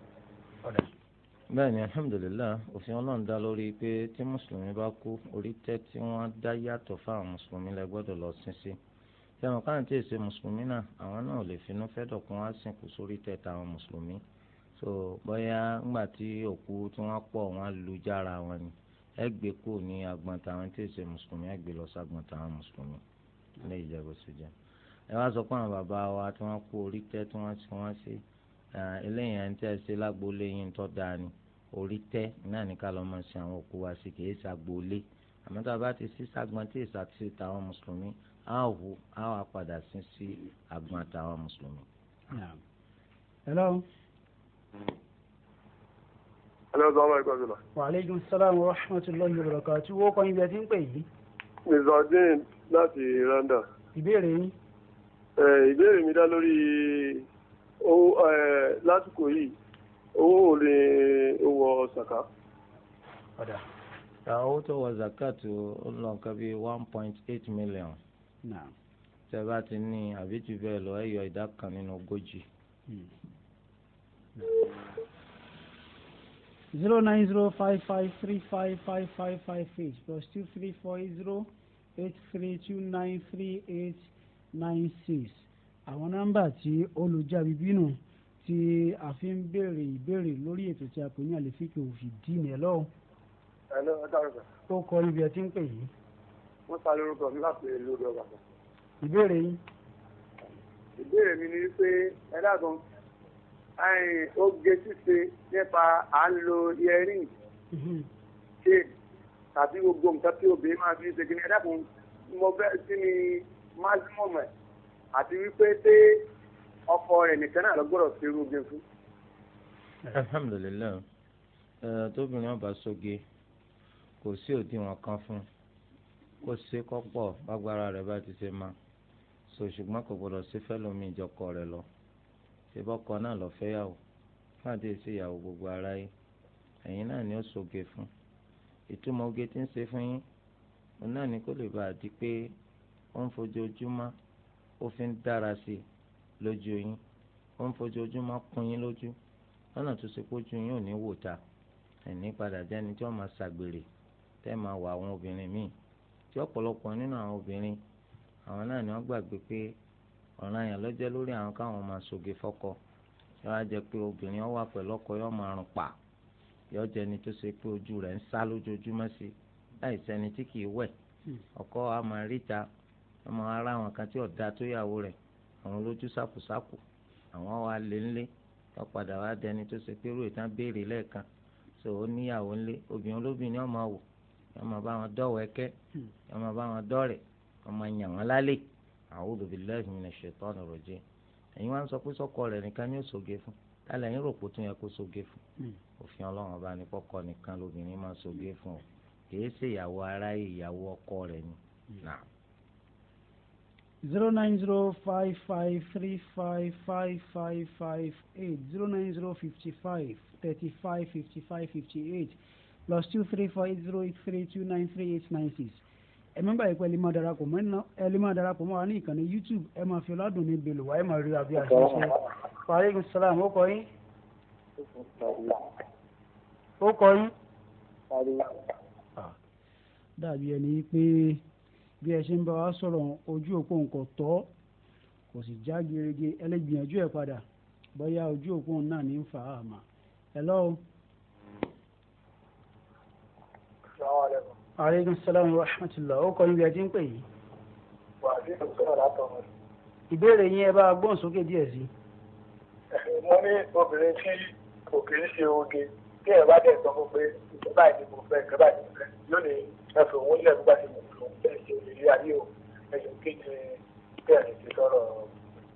bẹ́ẹ̀ni alhamdulilayi òfin Ọlọ́run dá lórí pé tí mùsùlùmí bá kú orí tẹ tí wọn dá yàtọ̀ fáwọn mùsùlùmí lẹ lọ sin sí sẹ́wọ̀n káwọn tí èsè mùsùlùmí náà àwọn náà ò lè finú fẹ́dọ̀ kún wá sìnkú sórí tẹ̀tà àwọn mùsùlùmí so bóyá ńgbà tí òkú tí wọ́n pọ̀ wọ́n lu jára wọn ni ẹ gbé kúrò ní agbọ̀n táwọn tí èsè mùsùlùmí ẹ gbé lọ sagbọ̀n táwọn mùsùlùmí ilé ìjẹ́bù sí jẹ́ ẹ wá sọ pé àwọn bàbá wa tí wọ́n kú orí tẹ́ tí wọ́n sí wọ́n sí eléyìí tẹ́ ṣe lágboolé yín tó dáa ni orí tẹ́ náà ní ká lọ́ máa ṣe àwọn òkú wa sí kì í ṣàgboolé àmọ́ tá a bá ti sí sagbọ̀n tí èsà ti ta mùsùlùmí á wò á wà padà sín sí hello. hello Zama. ẹ̀kọ́ sílọ. wa aleykum salaam wa rahmatulahi wa barakatuh wo kọ́ ibi ẹ ti ń pè yìí. mr láti randa. ìbéèrè yín. ìbéèrè mi dá lórí lásìkò yìí owó ò lè wọ ṣàkà. ọ̀dà. owó tó wọ zakat ó lọ nǹkan bíi one point eight million tẹ bá ti ní àbí jù bẹ́ẹ̀ lọ ẹ yọ ìdá kan nínú ogójì. Hmm. zero nine zero five five three five five five five eight plus two three four eight zero eight three two nine three eight nine six àwọn nọ́mbà tí olùjábí bínú tí a fi ń béèrè ìbéèrè lórí ètò tí a pè ní àlefíkè òfin dín ní ẹ lọ́wọ́. ẹ lọ́wọ́ dáhùn sọ. ó kọ ibi ẹ ti ń pè yìí wọ́n sá lórúkọ mi láti lórí ọgbà kan. ìbéèrè yín. ìbéèrè mi ni wípé ẹ dàgbọ́n oge ṣíṣe nípa à ń lo earring chain mhm. tàbí gbogbo nǹkan tí obìnrin máa fi ṣe kìnìún ẹ dàgbọ́n mo bẹ́ sí ni maximum ẹ̀ àti wípé pé ọkọ rẹ̀ nìkan náà lọ gbọ́dọ̀ ṣe irú oge fún. alhamdulilayi tóbìnrin ọba sóge kò sí òdiwọ̀n kan fún un kó ṣe kọ́pọ̀ fagbára rẹ̀ bá ti ṣe ma so ṣùgbọ́n kò gbọdọ̀ sí fẹ́lómi ìjọkọ rẹ̀ lọ ṣèbọ́kọ náà lọ fẹ́yàwó fáàdé sí ìyàwó gbogbo ara yìí ẹ̀yin náà ni ó soge fún ìtumọ̀ oge tí ń ṣe fún yín òun náà ni kó lè bá a di pé ó ń fojoojúmọ́ ó fi ń dára sí i lójú yín ó ń fojoojúmọ́ kún yín lójú lọ́nà tó ṣe pójú yín ò ní wò ta ẹ̀ní padà jẹ́ni tí wọ́n máa ṣàgbèrè tẹ́ máa wà àwọn obìnrin míì tí ọ̀pọ̀lọpọ̀ nínú àwọn obìnrin àwọn náà ni wọ́n gbàgbé pé ọ̀ràn yẹn lọ́jọ́ lórí àwọn káwọn máa ṣoge fọ́kọ yóò wá jẹ pé obìnrin ọwà pẹ̀lú ọkọ yóò máa rùn pa je jẹ ẹni tó ṣe pé ojú rẹ̀ ń sá lójoojúmọ́ sí láì sẹ́ni tí kì wẹ̀ hmm. ọkọ a máa ríta ọmọ ara àwọn kan tí ọ̀dà tó yàwó rẹ̀ àwọn lójú sàkùsàkù àwọn wa lé ńlé wọ́n padà wá dẹni tó ṣe pé béèrè lẹ́ẹ̀kan so ó níyàwó ńlé obìnrin olóbìnrin wò yóò máa bá wọn dọ́wẹ̀kẹ́ yóò máa bá wọn dọ́rẹ̀ yóò máa yàn wọn lálẹ́ a'udhu billahi minash shaitanir rajim ẹ̀yin wá ń sọ pé sọ́kọ rẹ̀ nìkan ni ó soge fún tálẹ̀ ẹ̀yin rò pé tún yẹ kó soge fún òfin hmm. ọlọ́run ọba ní kọ́kọ́ nìkan lóbìnrin máa soge hmm. fún ọ kìí ṣe ìyàwó aráyé ìyàwó ọkọ rẹ̀ ni. Hmm. zero nine zero five five three five five five five eight zero nine zero fifty five thirty five fifty five fifty eight plus two three four eight zero eight three two nine three eight nine six ẹ má gbàgbé pé ẹ lè máa darapọ̀ mọ́ ẹ lè máa darapọ̀ wa ní ìkànnì youtube ẹ máa fi ọlọ́dún ní bèlò wa ẹ máa rí abí àṣẹṣe. waaleykum salaam ó kọ yín. ó kọ yín. dàbí ẹni pé bí ẹ ṣe ń bá wa sọ̀rọ̀ ojú òpó nǹkan tọ́ kò sì já gerege ẹ lè ẹ̀ padà bóyá ojú òpó náà ní ń fà á àmà. hello. aleykum salaam wa rahmatulah ó kọ́ níbi ẹ ti ń pè yìí. wà á bí ìṣòro látọ̀mọ́. ìbéèrè yín ẹ bá a gbọ́n sókè díẹ̀ sí. mo ní obìnrin tí kò kì í ṣe oge tí ẹ bá dẹ̀ sọ fún pé ìjọba ìdí mo fẹ́ ìjọba ìdí mo fẹ́ yóò lè ẹ̀fọ́ òun lẹ̀ nígbà tí mo fi òun fẹ́ ṣe ìrírí ayé o ẹ̀yọ̀ kéde bẹ́ẹ̀ ni ti sọ̀rọ̀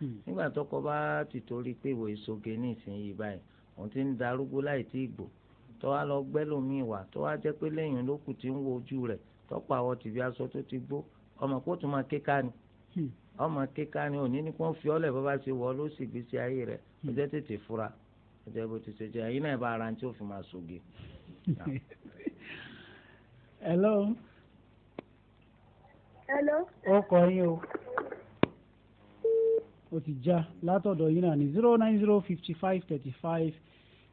nígbà tọkọ bá ti torí pé ìwò soge ní ìsinyìí báyìí òun ti ń darúgbó láì tí ìgbò. gbò tó wá lọ gbẹ́ lómi wà tó wá jẹ́ pé lẹ́yìn olókùn ti ń wo ojú rẹ̀ tọ́pọ̀ àwọ̀ tìbí aṣọ tó ti gbó ọmọ kó tún máa ké ká ni ọmọ ké ká ni òní ni kò ń fi ọlẹ̀ bàbá ṣe wọ ló sì gbé sí ayé rẹ̀ ó jẹ́ tètè fura ó jẹ́ bó ti ṣe jẹ́ ẹ̀yin náà bá ara tí ó fi máa soge. hello. hello. ó kọ yín o. ó ti já látọ̀dọ̀ yìí náà ní zero nine zero fifty five thirty five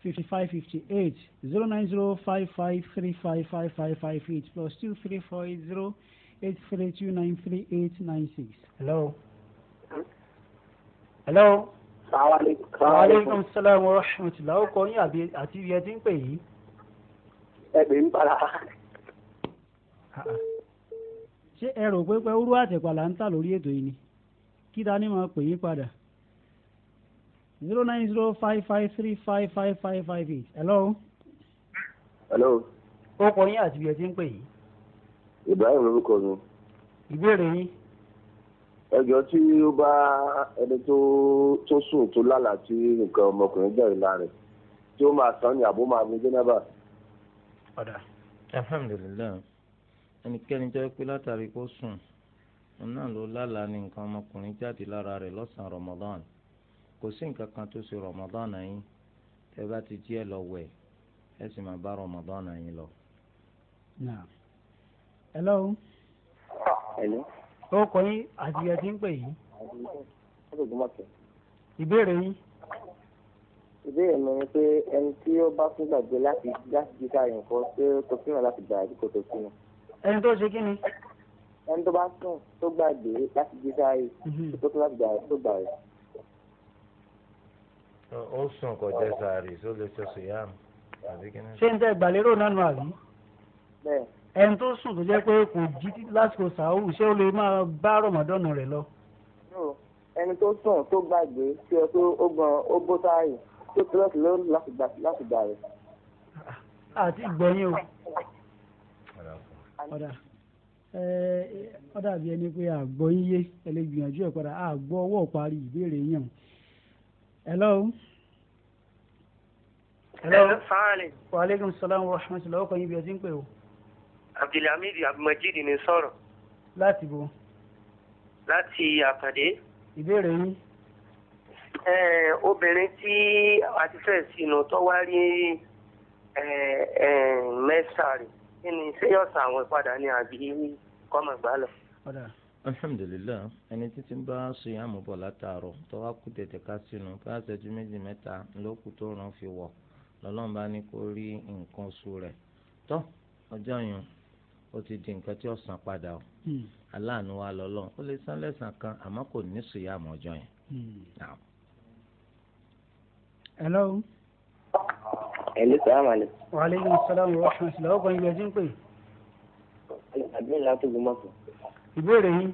fifty five fifty eight zero nine zero five five three five five five five eight plus two three four eight zero eight three two nine three eight nine six. hello. hello. salaamaleykum. maaleykum salaam wa rahmatulah ó kọ yín àti ibi ẹ ti ń pè yìí. ẹgbẹ́ ń para. ṣé ẹ rò pé pé urú àtẹ̀pà là ń tà lórí ètò yìí ni kí ni máa pè yín padà zero nine zero five five three five five five eight hello. hello. ó kọ yín àti ibi ẹ ti ń pè yìí. Ibrahim lórúkọ mi. ìbéèrè yín. ẹjọ́ tí ó bá ẹni tó tó sùn tó lálàá tí nǹkan ọmọkùnrin jẹ́ ìlà rẹ̀ tí ó máa san ni àbó máa mú jẹ́nẹ́bà. ọ̀dà alhamdulilayi ẹnikẹ́ni jẹ́ pé látàrí kó sùn náà ló lálàá ní nǹkan ọmọkùnrin jáde lára rẹ̀ lọ́sàn-án Ramadan kò sí nǹkan kan tó ṣe Ramadan yín tẹ bá ti jí ẹ lọ wẹ̀ ẹ sì máa bá Ramadan yín lọ. hello. hello. ó kọ yín àti ẹ ti ń pè yín. ìbéèrè yín. ìbéèrè mi ni pé ẹni tí ó bá fún gbàgbé láti láti jí sáré nǹkan ṣé ó tó fún ọ láti gbà àdúgbò tó fún ọ. ẹni tó ṣe kí ni ẹni tó bá sùn tó gbàgbé láti jí sáré mhm. tó tó láti gbàgbé tó gbàgbé. ó sùn kò jẹ sàárì tó lè ṣe sùyàm àbí kí ni. ṣé n tẹ gbàlérò náà nù àbí. ẹni tó sùn tó jẹ́ pé kò jí lásìkò sàúrù ṣé ó lè máa bá rọ̀mọ́dọ́nù rẹ̀ lọ. ẹni tó sùn tó gbàgbé tí ẹ pé ó ó bó sáré tó tó lọ láti gbà láti gbà àti ìgbẹ̀yìn o. ọ̀dà. ó dàbí ẹni pé àgbọ̀ yíyé ẹ lè gbìyànjú ẹ̀ padà àgbọ̀ ọwọ́ parí ìbéèrè yẹn. hello. hello. wa salaam wa rahmatulah ọkọ yín bí ẹ ti ń pè o. abdulhamid abdulmajid ni sọrọ. láti bo. láti àpàdé. ìbéèrè yín. obìnrin tí a ti fẹ́ sínú tó wá rí kí ni ṣé kọ́mọ gbálẹ̀. alhamdulilayi ẹni títí ń bá ṣèyàmù bọ̀ látàárọ̀ tó wá kú tètè ká sínú ká ṣẹ́jú méjì mẹ́ta ló kù tó ràn fi wọ̀ lọ́lọ́run bá ní kó rí nǹkan oṣù rẹ̀ tó ọjọ́ yẹn ó ti di nǹkan tí ó san padà o hmm. aláàánú wa lọ́lọ́run ó lè san lẹ́sàn kan àmọ́ kò ní ṣèyàmù ọjọ́ yẹn. Hmm. hello. ẹ̀lú sàlámù alẹ́. wàhálà ìṣẹ̀lẹ̀ ọ̀rọ̀ ṣùgbọ́n ìgbà tí ń pè é. àgbẹ̀ láti gbọmọ sọ. ìbéèrè yín.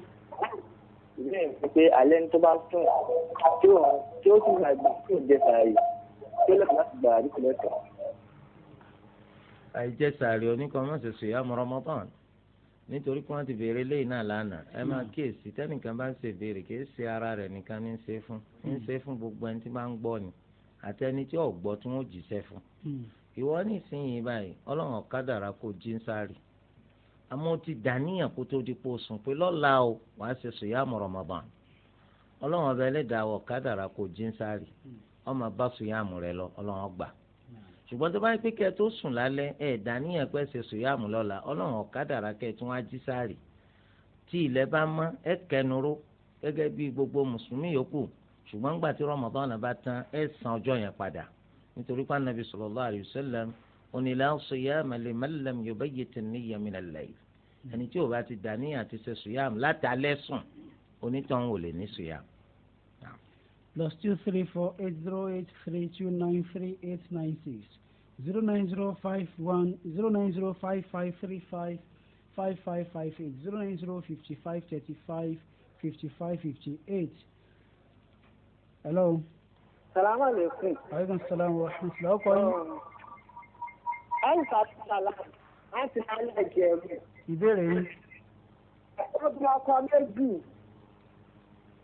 ìbéèrè tó bá tí ó tí ó gbàgbé tí ò jẹ sàárè tí ó lẹ́kọ̀ọ́ láti gbà àdúgbò lẹ́kọ̀ọ́. àìjẹ sàárè oníkan má ṣe nítorí pé wọn ti béèrè léyìn náà lánàá ẹ máa hmm. kíyèsí bá ṣe béèrè kì í ṣe ara nìkan ní hmm. ṣe fún gbogbo ẹni tí máa ń gbọ́ ni àti ẹni tí ò gbọ́ tí jíṣẹ́ fún hmm. ìwọ báyìí Ọlọ́run àmọ́ ó ti dàníyàn kó tó di pò sùn pé lọ́la o wàá ṣe sùyàmù Ramadan ọlọ́run ọba ẹlẹ́dàá wọ̀ kádàrà kò jí ń sáré ọmọ bá sùyàmù rẹ lọ ọlọ́run gbà ṣùgbọ́n tó bá yẹ pé kẹ́ ẹ tó sùn lálẹ́ ẹ̀ dàníyàn pé ṣe sùyàmù lọ́la ọlọ́run ọ̀kadàrà kẹ́ ẹ tún wá jí sáré tí ilẹ̀ bá mọ́ ẹ kẹnuró gẹ́gẹ́ bí gbogbo mùsùlùmí yòókù ṣùgbọ́n ńgbà tí Ramadan onílà siyama liman lam yubayyit an-niyya min al-layl ẹni tí o bá ti dà níyà ti ṣe láti alẹ́ sùn onítàn ò lè ní siyam. plus two three four eight zero eight three two nine three eight nine six zero nine zero five one zero nine zero five five three five five five five eight zero nine zero fifty five thirty five fifty five fifty eight. hello. salaamaleykum. aleykum salaam wa rahmatulah. ọkọ yín. Oh a ẹ̀ǹkà sàlá láti alẹ́ ìjẹ̀rù. ìbéèrè yìí. obì ọkọ méjì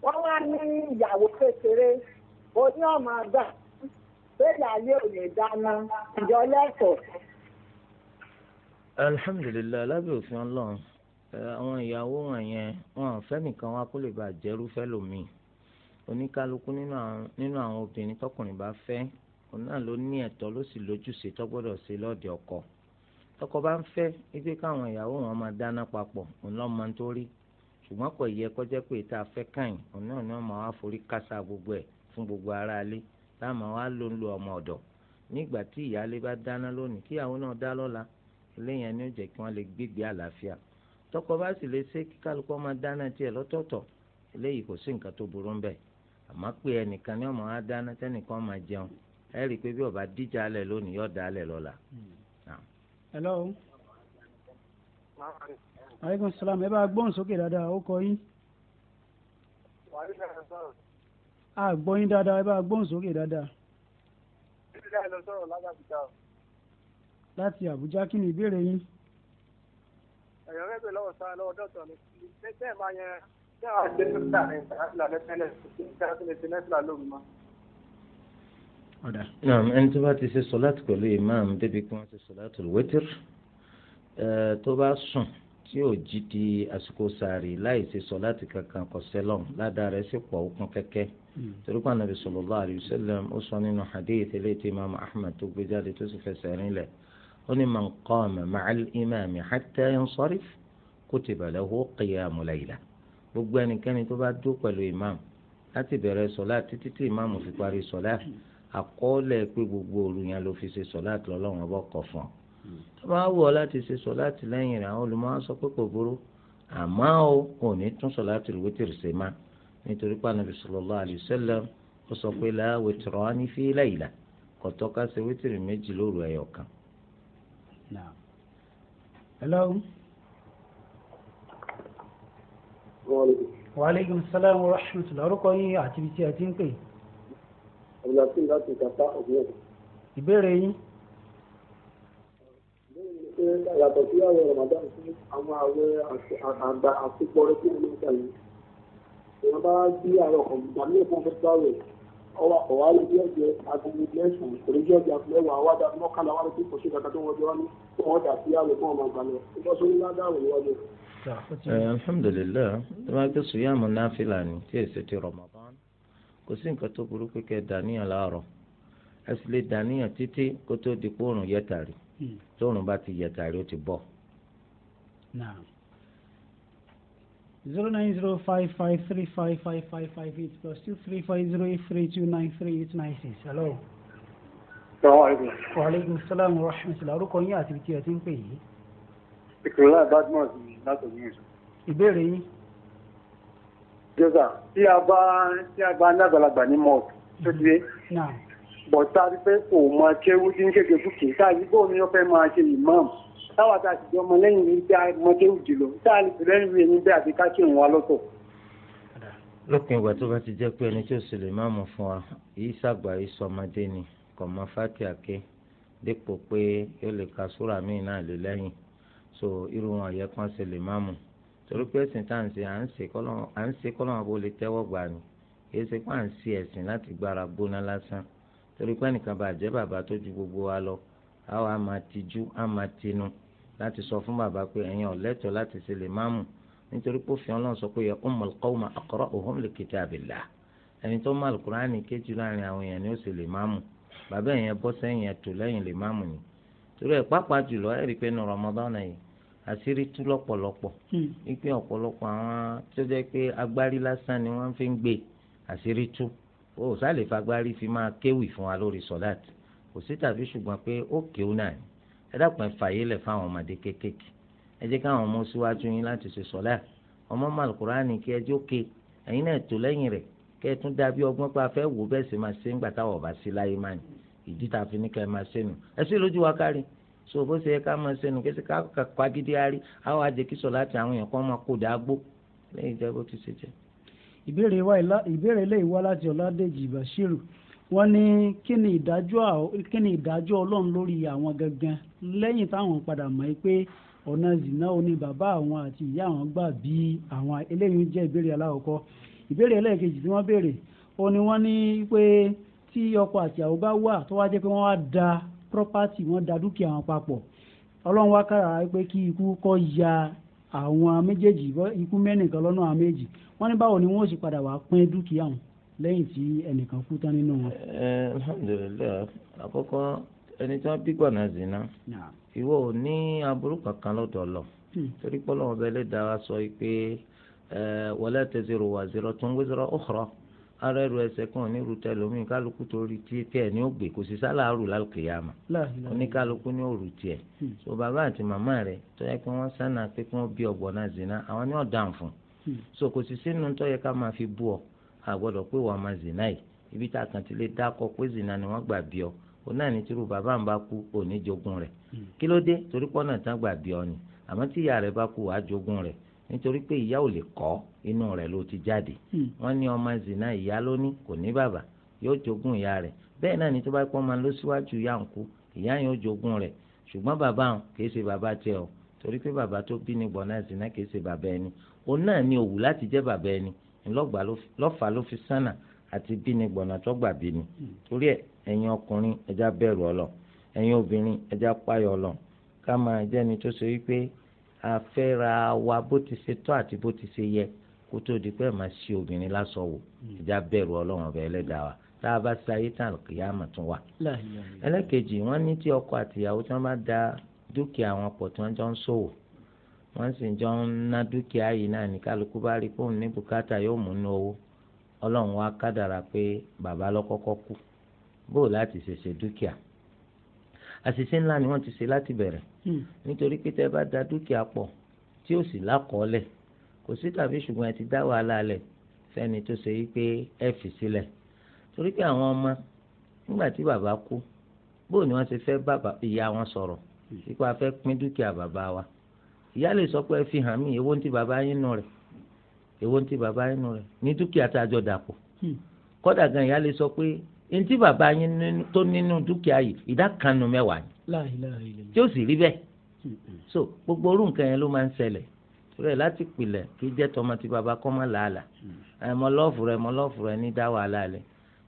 wọ́n wá ní ìyàwó kékeré oní ọmọ àgbà bẹ́ẹ̀ ayé ò lè dáná ìjọ lẹ́kọ̀ọ́. alhamdulilayi alábẹ́ òfin ọlọ́run àwọn ìyàwó wọ̀nyẹn wọn fẹ́ nìkan wá kó lè bàa jẹ́rú fẹ́ lòmíì oníkálukú nínú àwọn obìnrin tọkùnrin bá fẹ́ òun náà ló ní ẹ̀tọ́ ló sì lójúṣe tó gbọ́dọ̀ ṣe lọ́ọ̀dẹ̀ ọkọ tọkọ bá ń fẹ́ wípé káwọn ìyàwó wọn máa dáná papọ̀ òun náà máa ń torí ṣùgbọ́n kò yẹ kó jẹ́ pé tá a fẹ́ káyìn òun náà ni wọ́n máa wá forí kásá gbogbo ẹ̀ fún gbogbo ara ilé táwọn máa wá ló ń lo ọmọ ọ̀dọ̀ nígbà tí ìyáálé bá dáná lónìí kíyàwó náà dá lọ́la eléyàn ni ó jẹ́ kí wọ́n lè gbégbé àlàáfíà tọkọ bá sì lè ṣe kí kálukọ́ máa dáná tiẹ̀ lọ́tọ̀ọ̀tọ̀ eléyìí kò sí nǹkan tó burú ń bẹ̀ àmọ́ pé ẹnìkan ni wọ́n máa dáná tẹ́nìkan máa jẹun ẹ rí i pé bí ọba díjà alẹ lónìí yóò dá alẹ lọ́la. hello. aleykum salaam ẹ bá gbóhùn sókè dáadáa ó kọ yín. a gbọ́ yín dáadáa ẹ bá gbóhùn sókè dáadáa. láti Àbújá kí ni ìbéèrè yín. ẹ̀yọ́ mẹ́bẹ̀ẹ́ lọ́wọ́ sáà lọ́wọ́ dọ́tọ̀ ni ṣé tẹ́ ẹ̀ máa yẹn ṣé àwọn àgbẹ̀ tó ń tà ní ìtàkùn naam ẹni tó bá ti ṣe sọláàtì pẹ̀lú ìmáàmù débi pé wọ́n ti sọláàtì wẹ́tìr tó bá sùn tí ò jí di àsìkò sàárì láì ṣe sọláàtì kankan kò sẹ́lọ̀n ládàá rẹ̀ sì pọ̀ òkun kẹ́kẹ́ hmm. torí pé Ànábì sallallahu alayhi wa sallam ó sọ nínú hadith eléyìí tí imaamu ahmed tó gbé jáde tó sì fẹsẹ̀ rìn lẹ̀ ó ní man qama ma'al imami hatta yansarif kutiba lahu qiyamu layla gbogbo ẹnikẹ́ni tó àkọọ́lẹ̀ pé gbogbo òru yẹn ló fi ṣe sọ̀láàtì lọ́lọ́run ọba kọ̀ fún ọ. Hmm. tó bá wù ọ láti ṣe sọ̀láàtì lẹ́yìn rẹ̀ àwọn olùmọ̀ sọ pé kò burú àmọ́ o kò ní tún sọ̀láàtì wítìrì ṣe má nítorí pé Ànábì sallallahu alaihi ó sọ pé la witrani fi layla kò tọ́ka ṣe wítìrì méjì lóru ẹyọ kan. hello. wàhálà ìgbìmọ̀ sálámù rahmatulah orúkọ yín àti ibi tí ń pè é abdulhakeem láti ìjàpá ògbóǹkù. ìbéèrè yín. ìbéèrè mi pé yàtọ̀ sí àwẹ̀ ramadan fún àwọn àwẹ̀ àgbà àtìpọ̀rẹ́ tí wọ́n ń tẹ̀lé èèyàn bá bí àrò ọ̀gbà ní ìfún fún báwẹ̀ ọwọ́ àlè díẹ̀ díẹ̀ agogo díẹ̀ sùn oríṣi ọ̀gbà mẹ́wàá àwọn àdá mọ́kànlá wà lókè kòṣe kàkà tó wọ́n jọ ní wọ́n dà sí àrò fún ọmọ àgbà lọ ìjọsọ ńlá dáhùn níwájú. alhamdulilayi tí wọ́n á gbé sùn yá mọ̀ náà fìlà ní tí èsì ti rọ̀mọ́ bá ń kò sí nǹkan tó burú pé kẹ́ dàníyàn láàárọ̀ ẹ sì lè dàníyàn títí kó tó di pé òrùn yẹ tàrí hmm. tóòrùn bá ti yẹ tàrí ó ti bọ̀. zero nine zero five five three five five five five eight plus two three five zero eight three two nine three eight nine six hello. salaamaleykum. waaleykum salaam wa rahmatulah orúkọ yín àti ibi tí ẹ ti ń pè yìí. ìkìlọ̀ àbádọ́mọ̀ sí i látọ̀ ní ìṣòro. ìbéèrè yín jọ́sà tí a bá tí a bá ní ní mọ́ọ̀tù tó ti dé bọ̀ tá a rí pé kò mọ kéwú tí ń kéke fúkè tá a rí bó ni wọ́n fẹ́ máa ṣe ìmáàmù táwa tá a sì jọ ọmọ lẹ́yìn ní bí a mọ kéwú jùlọ tá a lè fi lẹ́yìn rí ẹni bẹ́ẹ̀ àti ká kí òun wa lọ́tọ̀. lópin ìgbà tó bá ti jẹ́ pé ẹni tí ó sì lè máa mú fún wa yìí ṣàgbà yìí sọmọdé ni kò mọ fati àké dípò pé yóò lè ka súrà míì náà lè lẹ́yìn so irú wọn àyẹ̀kọ́ ṣe lè máa mú torí pé ẹ̀sìn tá à ń ṣe à ń ṣe kọ́lọ́mọ bó lè tẹ́wọ́ gbà ní kì í ṣe pé à ń ṣe ẹ̀sìn láti gbára gbóná lásán torí pé ẹnìkan bá jẹ́ bàbá tó ju gbogbo wa lọ a máa tijú a máa tinú láti sọ fún bàbá pé ẹ̀yin ọ̀lẹ́tọ̀ láti ṣe lè máàmù nítorí pé òfin ọlọ́run sọ pé yẹ ummul qawma aqra'uhum li kitabillah lè máàmù bàbá ẹ̀yẹn tó lẹ́yìn lè àṣírí tú lọ́pọ̀lọpọ̀ wípé hmm. ọ̀pọ̀lọpọ̀ àwọn tó jẹ́ pé agbárí lásán ni wọ́n fi ń gbé àṣírí tú ó sálè fagbárí fi máa kéwì fún wa lórí sọ̀láàtì kò sí tàbí ṣùgbọ́n pé ó kéwù náà ni ẹ dákun ẹ fàyè lẹ̀ fáwọn ọmọdé kéékèèké ẹ jẹ́ káwọn ọmọ síwájú yín láti ṣe sọ̀lá ọmọ màlùkùránì kí ẹ jókè ẹ̀yin náà tó lẹ́yìn rẹ̀ kẹ́ ẹ tún dábí ọgbọ́n pa fẹ́ wò bẹ́ẹ̀ sì máa ṣe ń gbà táwọn ọ̀bá sí láyé máa ní ìdí tá a fi ní kẹ́ ẹ máa ṣe nù ẹ sì lójú wa kárí so bó ṣe yẹ ká máa ṣe nù kí ṣe ká kàkọ́ agídí arí àwọn àjẹkísọ̀ láti àwọn èèyàn kan máa kó dàgbò lẹ́yìn ìjẹ́ bó ti ṣe jẹ́. ìbéèrè ilé ìwá láti ọ̀làdèjì bashiru wọ́n ní kí ni ìdájọ́ ọlọ́run lórí àwọn gangan lẹ́yìn táwọn padà mọ̀ ẹ́ pé ọ̀nà zina oní bàbá àwọn àti ìyá àwọn gbà bí àwọn eléyìí jẹ́ ìbéèrè aláwọ̀kọ́ ìbéèrè ẹlẹ́ẹ̀kejì tí wọ́n béèrè ó ní wọ́n ní pé tí ọkọ àtìyàwó bá wà tó wá jẹ́ pé wọ́n wá da property wọn da dúkìá wọn papọ̀ ọlọ́run wá kára pé kí ikú kọ́ ya àwọn méjèèjì ikú mẹ́nìkan lọ́nà àwọn méjì wọ́n ní báwo ni wọ́n sì padà wá pín dúkìá wọn lẹ́yìn tí ẹnìkan kú tán nínú wọn. ẹ alhamdulilayi àkọ́kọ́ ẹni tí wọ́n bí gbọ̀nà zina ìwọ ò ní aburú kankan lọ́dọ̀ lọ hmm. torí pé ọlọ́run ọbẹ̀ lè dá wa sọ pé wala taziru wazira tun wizra ukhra ara ẹrù ẹsẹ̀ kan ní rutẹ lómi kálukú torí tiẹ̀ ní ó gbé kò sí sálàárù lálùkìyàmà oníkálukú ní òrù tiẹ̀ hmm. so bàbá àti màmá rẹ̀ tó yẹ kí sànà pé kí wọ́n bí ọgbọ̀nà zina àwọn ní ọ̀daràn fún hmm. so kò sí sínú tó yẹ ká máa fi bú ọ àgbọ́dọ̀ pé wàá máa zina yìí ibi tá a kàn ti lè dákọ pé zina ni wọ́n gbà bí ọ òun náà ní tírú bàbá ń bá kú òní jogún rẹ̀ hmm. kí ló dé torí pọ́nà tán gbà bí ọ ni àmọ́ tí ìyá rẹ̀ bá kú wàá jogún rẹ̀ nítorí pé ìyá ò lè kọ́ inú rẹ̀ ló ti jáde hmm. wọ́n ní ọmọ zina ìyá ló ní kò ní bàbá yóò jogún ìyá rẹ̀ bẹ́ẹ̀ náà ni tó bá pọ́n máa lọ síwájú ìyá ń kú ìyá yẹn ó jogún rẹ̀ ṣùgbọ́n bàbá àwọn kìí ṣe bàbá tiẹ̀ o torí pé bàbá tó bí ní gbọ̀nà zina kìí ṣe bàbá ẹni òun náà ni òwú láti jẹ́ bàbá ẹni lọ́fà ló fi sánà àti bí ní gbọ̀nà tó gbà bí ni hmm. torí ẹ ẹ̀yin ọkùnrin ẹja bẹ̀rù ọlọ ẹ̀yin obìnrin ẹja páyọ ọlọ ká máa jẹ́ni tó ṣe wípé afẹ́ra wa bó ti ṣe tọ́ àti bó ti ṣe yẹ kó tó di pé màá ṣe obìnrin lásán wò ìjà hmm. bẹ̀rù ọlọ́run ọbẹ̀ ẹlẹ́dàá wa tá a bá ṣe ayé tán kìyàmà tún wà. ẹlẹ́kejì wọ́n ní tí ọkọ àtìyàwó tí wọ́n bá da dúkìá wọn pọ̀ tí wọ́n jọ ń ṣòwò wọ́n sì jọ ń ná dúkìá yìí náà ní kálukú bá rí fóun ní bùkátà yóò mú nú owó ọlọ́run wa kádàrà pé bàbá lọ́kọ́kọ́ kú bóò láti ṣèṣe dúkìá àṣìṣe ńlá ni wọ́n ti ṣe láti bẹ̀rẹ̀ hmm. nítorí pé tẹ́ bá da dúkìá pọ̀ tí ó sì lákọọ́lẹ̀ kò sí tàbí ṣùgbọ́n ẹ ti dá wàhálà lẹ̀ fẹ́ni tó ṣe wípé ẹ fi sílẹ̀ torí pé àwọn ọmọ nígbà tí bàbá kú bóò ni wọ́n ṣe fẹ́ bàbá ìyá wọn sọ̀rọ̀ ipò hmm. afẹ́ pín dúkìá bàbá wa ìyá lè sọ pé ẹ fi hàn mí èwo ń ti bàbá yín nù èwo ń ti bàbá yín nù ní dúkìá tá a jọ dàpọ̀ hmm. kódà gan ìyá lè sọ pé ntí bàbá yín tó nínú dúkìá yìí ìdá kan nínú mẹ́wàá ni tí ó sì rí bẹ́ẹ̀ so gbogbo orú nǹkan yẹn ló máa ń ṣẹlẹ̀ rẹ̀ láti pilẹ̀ kí jẹ́ tọmọ tí bàbá kọ́ máa làálà mm. ẹ̀mọ́ lọ́ọ̀fù rẹ̀ ẹ̀mọ́ lọ́ọ̀fù rẹ̀ ní dá wàhálà rẹ̀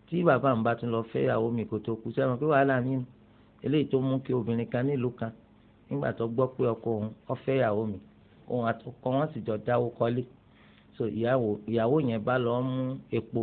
tí bàbá mi bá tún lọ fẹ́ ìyàwó mi kó tó kú sẹ́wọ̀n pé wàhálà mi nù eléyìí tó mú kí obìnrin kan nílùú kan nígbà tó gbọ́ pé ọkọ òun ó ìyàwó mi òun àtọkọ wọn sì jọ dáwó kọ́lé so ìyàwó yẹn bá lọ mú epo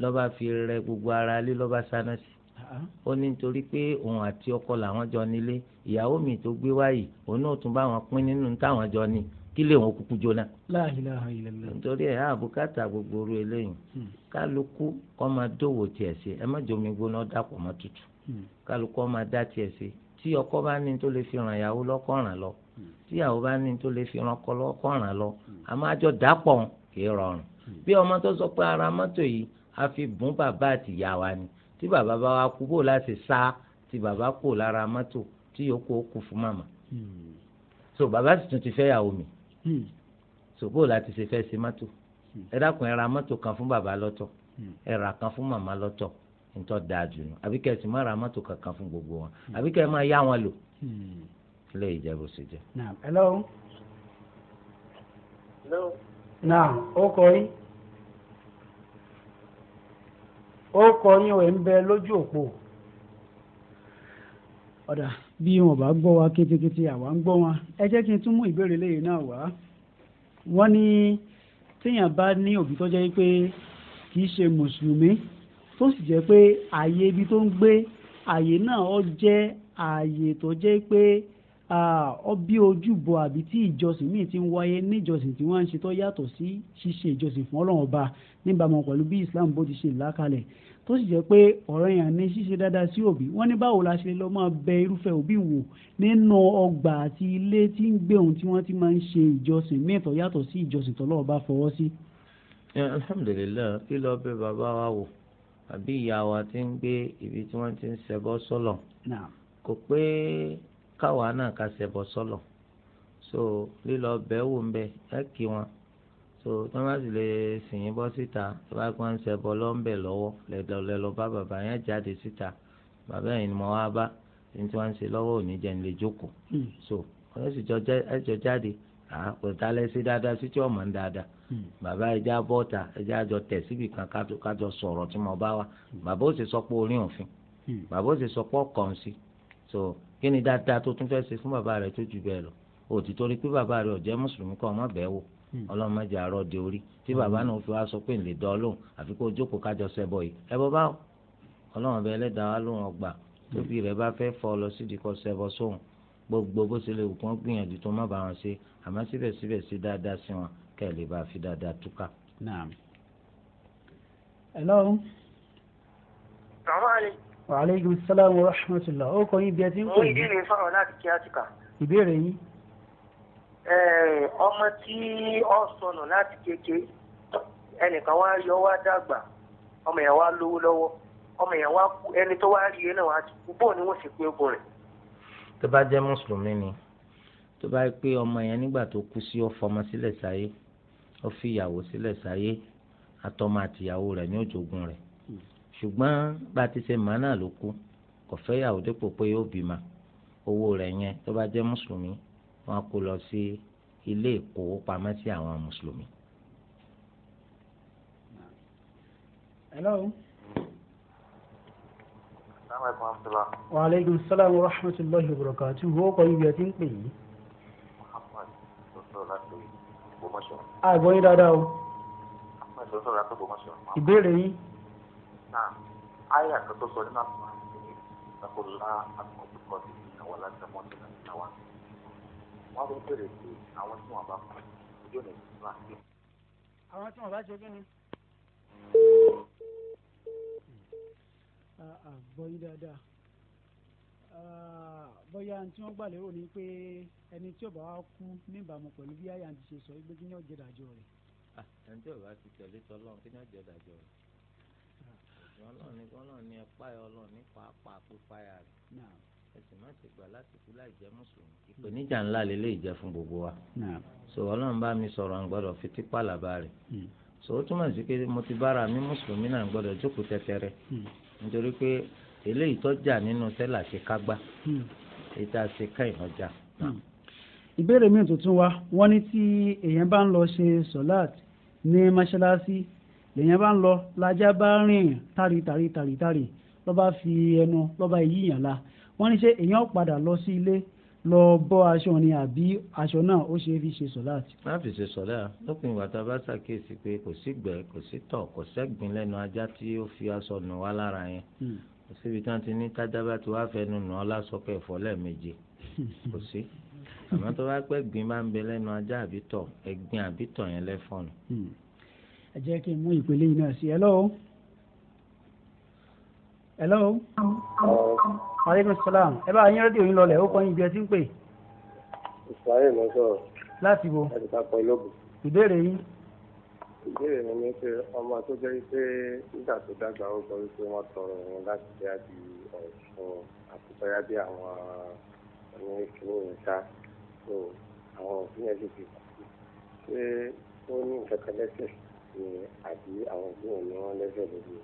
lọ́ba fi rẹ gbogbo ara lé lọ́ba sáná sí ah. ó ní nítorí pé òun àti ọkọ làwọn jọ nílé ìyàwó mi tó gbé wáyìí òun náà tún bá wọn pín nínú táwọn jọ ní kí lè kúkú jóná. La ilaha illallah. nítorí ẹ̀ àbùkátà gbogbo orí eléyìí hmm. kálukú kọ́ máa dòwò tiẹ̀ sí ẹ má jomi gbóná dàpọ̀ mọ́ tutù hmm. kálukú kọ́ máa dá tiẹ̀ sí tí ọkọ bá ní tó lè fi ràn ìyàwó lọ́kọ ràn lọ hmm. tí ìyàwó bá ní tó lè fi ràn ọkọ lọ́kọ ràn lọ àmọ́ àjọ dàpọ̀ kì í rọrùn bí ọmọ tó sọ pé ara mọ́tò yìí a fi bùn bàbá àti ìyá wa ni tí bàbá bá wa kú bó láti sá tí bàbá kò lára mọ́tò tí yòókù ó kú fún màmá so bàbá sì tún ti fẹ́ yàwó mi so bó láti ṣe fẹ́ ṣe mọ́tò ẹ dákun ẹ ra mọ́tò kan fún bàbá lọ́tọ̀ ẹ ra kan fún màmá lọ́tọ̀ ntọ́ da jù nù àbí kẹ́ ẹ sì má ra mọ́tò kankan fún gbogbo wọn àbí kẹ́ ẹ má yá wọn lò ilé ìjẹ́bù sì jẹ́. naam hello. hello. naam ó kọ yín. ó kọ yín ò ń bẹ lójú òpó. ọ̀dà bí wọn bá gbọ́ wa kétékété àwa ń gbọ́ wọn ẹ jẹ́ kí n tún mú ìbéèrè lẹ́yìn náà wá. wọ́n ní téèyàn bá ní òbí tó jẹ́ pé kì í ṣe mùsùlùmí tó sì jẹ́ pé ààyè ibi tó ń gbé ààyè náà ó jẹ́ ààyè tó jẹ́ pé. ọbí ojúbọ àbí tí ìjọsìn míì ti ń wáyé níjọsìn tí wọ́n ń ṣe tó yàtọ̀ sí ṣíṣe ìjọsìn fún Ọlọ́run ọba níbàámu pẹ̀lú bí Islam bó ti ṣe làákalẹ̀ tó sì jẹ́ pé ọ̀rọ̀ yẹn ní ṣíṣe dáadáa sí òbí wọ́n ní báwo la ṣe lọ máa bẹ irúfẹ́ òbí wò nínú ọgbà àti ilé tí ń gbé òun tí wọ́n ti máa ń ṣe ìjọsìn míì tó yàtọ̀ sí ìjọsìn tọ́lọ́run ọba fọwọ́ sí. alhamdulilayi kí lọ bẹ bàbá wa wò àbí ìyá wa káwa náà ká ṣẹbọ sọlọ so lílọ bẹ́ẹ̀ wò ń bẹ ẹ kí wọn so tí wọn sì lè sìn yín bọ́ síta tí wọn kàn ń ṣẹbọ lọ́nbẹ̀ lọ́wọ́ lẹ́dọ̀ọ́lẹ́ lọ bá bàbá yẹn jáde síta bàbá yẹn ni mo wá bá tí wọn ṣe lọ́wọ́ òní jẹ́ ń lè jókòó hmm. so wọn sì jọ jáde kò tá lẹ sí dáadáa sí tí ọmọ ń dáadáa hmm. bàbá ẹja bọ́ta ẹja àjọ tẹ̀ síbi kan kájọ sọ̀rọ̀ tí mo bá wa hmm. bàbá ó sì sọ pé orí òfin bàbá ó sì sọ pé ọkàn sí so kí ni dáadáa tó tún fẹ́ ṣe fún bàbá rẹ̀ tó jù bẹ́ẹ̀ lọ òtí torí pé bàbá rẹ̀ ọ̀jẹ́ mùsùlùmí kọ́ ọmọ bẹ́ẹ̀ wò hmm. ọlọ́mọdé àárọ̀ de orí tí hmm. bàbá náà fi wá sọ pé ńlẹ̀ dán lóhùn àfi kó jókòó kájọ sẹ́bọ̀ yìí ẹ̀bọ báwò ọlọ́run bẹ ẹlẹ́dàá wa lóhùn ọgbà hmm. tóbi rẹ̀ bá fẹ́ fọ́ lọ sí ìdíkọ̀ sẹ́bọ sóhùn gbogbo bó ṣe lè wù kán gbìyànjú tó má bàa wọn ṣe àmọ́ síbẹ̀síbẹ̀ sí dáadáa sí wọn kẹ́ ẹ̀ lè bá a fi dáadáa túkà. Naam. Hello. aleykum salaam wa rahmatulah ó kọ yín bí ẹ ti ń pè é. Muyideen ń sọ̀rọ̀ láti kí ìbéèrè ọmọ tí ọ sọnù láti kéke ẹnìkan wá yọ wá dàgbà ọmọ yẹn wá lówó ọmọ yẹn wá kú ẹni tó wá rí iná e wá ti kú pé ogun rẹ. tó mùsùlùmí ni tó ṣùgbọ́n bá a ti ṣe màá náà ló kú kò fẹ́ yàwó dépò pé yóò bímọ owó rẹ̀ yẹn tó bá jẹ́ mùsùlùmí wọn kó lọ sí ilé ìkówópamọ́sí àwọn mùsùlùmí. hello. wa aleykum salaam wa rahmatulahi wa barakatuh wo kọ́ ibi ẹ ti ń pè yìí. àgbọ̀nyin dáadáa o. ìbéèrè yín náà ayé àkàtọ́ sọ nínú àtúmọ̀ àti ìṣàkóso àtúmọ̀ òkúkọ ti fi ìyàwó aláṣẹ mọ́tò náà ní àwa wọn ló bèrè pé àwọn tí wọn bá kú ojú ọ̀nà ìṣúná àti. àwọn tí wọn bá ṣe kí ni. àgbọ̀yí dáadáa bóyá tí wọ́n gbà lérò ni pé ẹni tí ó bá wá kú níbàámu pẹ̀lú bí àyà ti ṣe sọ gbé kí ni ó jẹ́ ìdájọ́ rẹ̀. Ah, ẹni tí ó bá ti tẹ̀lé tọ́lọ́run kí ni ó jẹ́ ìdájọ́ rẹ̀ ọlọ́run ní ọlọ́run ní ẹ̀pá ẹ̀ ọlọ́run ní pàápàá pípáyà rẹ̀ ẹ̀sìn má ti gbà láti kú láì jẹ́ mùsùlùmí. Hmm. ìpèníjà ńlá lélẹ́yìí jẹ́ fún gbogbo wa so ọlọ́run bá mi sọ̀rọ̀ à ń gbọ́dọ̀ fi tipa làbá rẹ̀ hmm. so ó túmọ̀ sí pé mo ti bára mi mùsùlùmí náà ń gbọ́dọ̀ jókòó tẹ́tẹ́rẹ́ hmm. nítorí pé eléyìí tọ́jà nínú sẹ́là ṣe kágbá ìta ṣe ká ìhànjà. ìbéèrè mi tuntun wa wọ́n ní tí èèyàn bá ń lọ ṣe sọ́láàt ní mọ́ṣáláṣí lèyàn bá ń lọ lajá bá rìn tari tari tari tari lọ́ba fi ẹnu lọ́ba yíyàn la wọ́n ní ṣe èèyàn padà lọ sí ilé lọ bọ́ aṣọ ni àbí aṣọ náà ó ṣe é fi ṣe sọ̀láàtì. má fi ṣe sọ̀láà lópin ìgbà tá a bá ṣàkíyèsí pé kò sí gbẹ kò sí tọ̀ kò sẹ́gbin lẹ́nu ajá tí ó fi aṣọ nù wá lára yẹn hmm. kò síbi tí wọ́n ti ní tájábá tí wàá fẹ́ nù nù ọ́ lásọ̀kọ̀ ẹ̀fọ́ lẹ́ẹ̀mejì kò sí àmọ́ tó bá pẹ́ gbin bá ń bẹ lẹ́nu ajá àbítọ̀ ẹ̀gbin àbítọ̀ yẹn lẹ́fọ̀nù hmm ẹ jẹ́ kí n mú ìpele yìí náà sí ẹ lọ́wọ́. hello. aleykum salaam ẹ bá yín rédíò yín lọlẹ̀ ó kọ́ yín ibi ẹ ti ń pè. ìsàlẹ̀ lọ sọ̀rọ̀. láti wo. láti ká pọ̀ lóògùn. ìbéèrè yín. ìbéèrè mi ni pé ọmọ tó jẹ́ pé nígbà tó dàgbà ó sọ wípé wọ́n tọrọ òun láti jẹ́ àbí ọ̀ṣun àti bóyá bí àwọn ọ̀nà ìṣòro ìta àwọn òfin ẹ̀ sì fi kú pé ó ní nǹkan ni àbí àwọn òbí òun ni wọ́n lẹ́sẹ̀ lórí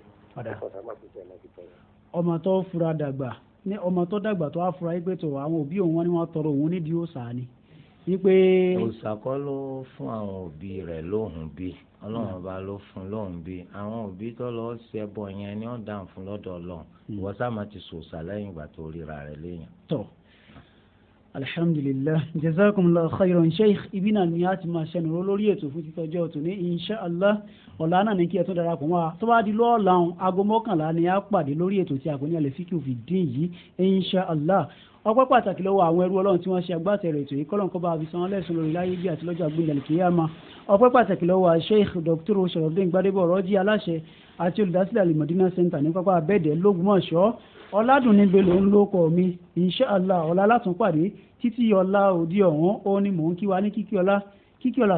ọmọ tó fura dàgbà ní ọmọ tó dàgbà tó á fura yí pé tó àwọn òbí òun wọn ni wọ́n tọrọ òun nídìí òòsà ni wípé. òòsàkọ́ ló fún àwọn òbí rẹ̀ lóhùn bí ọlọ́run hmm. bá ló fún lóhùn bí àwọn òbí tó lọ ṣe ẹbọ yẹn ni wọ́n dáhùn fún lọ́dọ̀ ọlọ́run hmm. ìwọ sáà ti sòòsà lẹ́yìn ìgbà tó ríra rẹ̀ léèyàn. tọ́ alhamdulillah jazakumullahu khairan sheikh ibi náà ni a ti máa ṣẹnu ró lórí ètò fún títí ọjọ́ òtún ní insha allah ọ̀la náà ní kí ẹ tún darapọ̀ wá tó bá di lọ́ọ̀la aago mọ́kànlá ni a pàdé lórí ètò tí a kò ní alẹ́ fíkì òfin dín yìí insha allah ọpẹ́ pàtàkì lọ́wọ́ àwọn ẹrú ọlọ́run tí wọ́n ṣe agbátẹrù ètò yìí kọ́lọ́n kọ́ bá fi san wọ́n lẹ́sùn lórí láyé bí àti lọ́jọ́ àgbéyàn kìíyàmá ọpẹ́ pàtàkì lọ́wọ́ sheikh dr sharafdin gbadebo ọ̀rọ̀jì aláṣẹ àti olùdásílẹ̀ alimọ̀dínà center ní pápá abẹ́ẹ̀dẹ́ lógúnmọ̀ṣọ́ ọ̀làdùnní belò ń lóko mi inshàlá ọ̀la látúnpàdé títí ọ̀la òdi ọ̀hún ó ní mò ń kí wa ní kíkí ọ̀la kíkí ọ̀la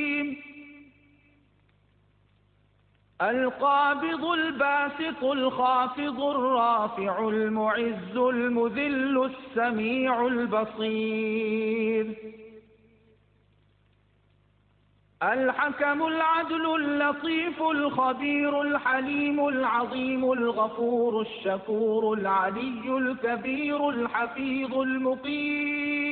القابض الباسط الخافض الرافع المعز المذل السميع البصير الحكم العدل اللطيف الخبير الحليم العظيم الغفور الشكور العلي الكبير الحفيظ المقيم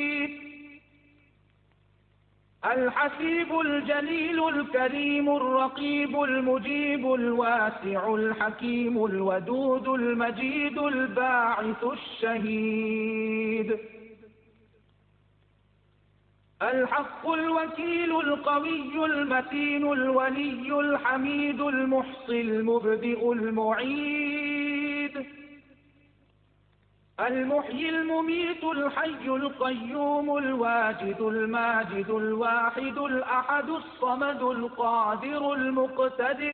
الحسيب الجليل الكريم الرقيب المجيب الواسع الحكيم الودود المجيد الباعث الشهيد الحق الوكيل القوي المتين الولي الحميد المحصي المبدئ المعيد المحيي المميت الحي القيوم الواجد الماجد الواحد الأحد الصمد القادر المقتدر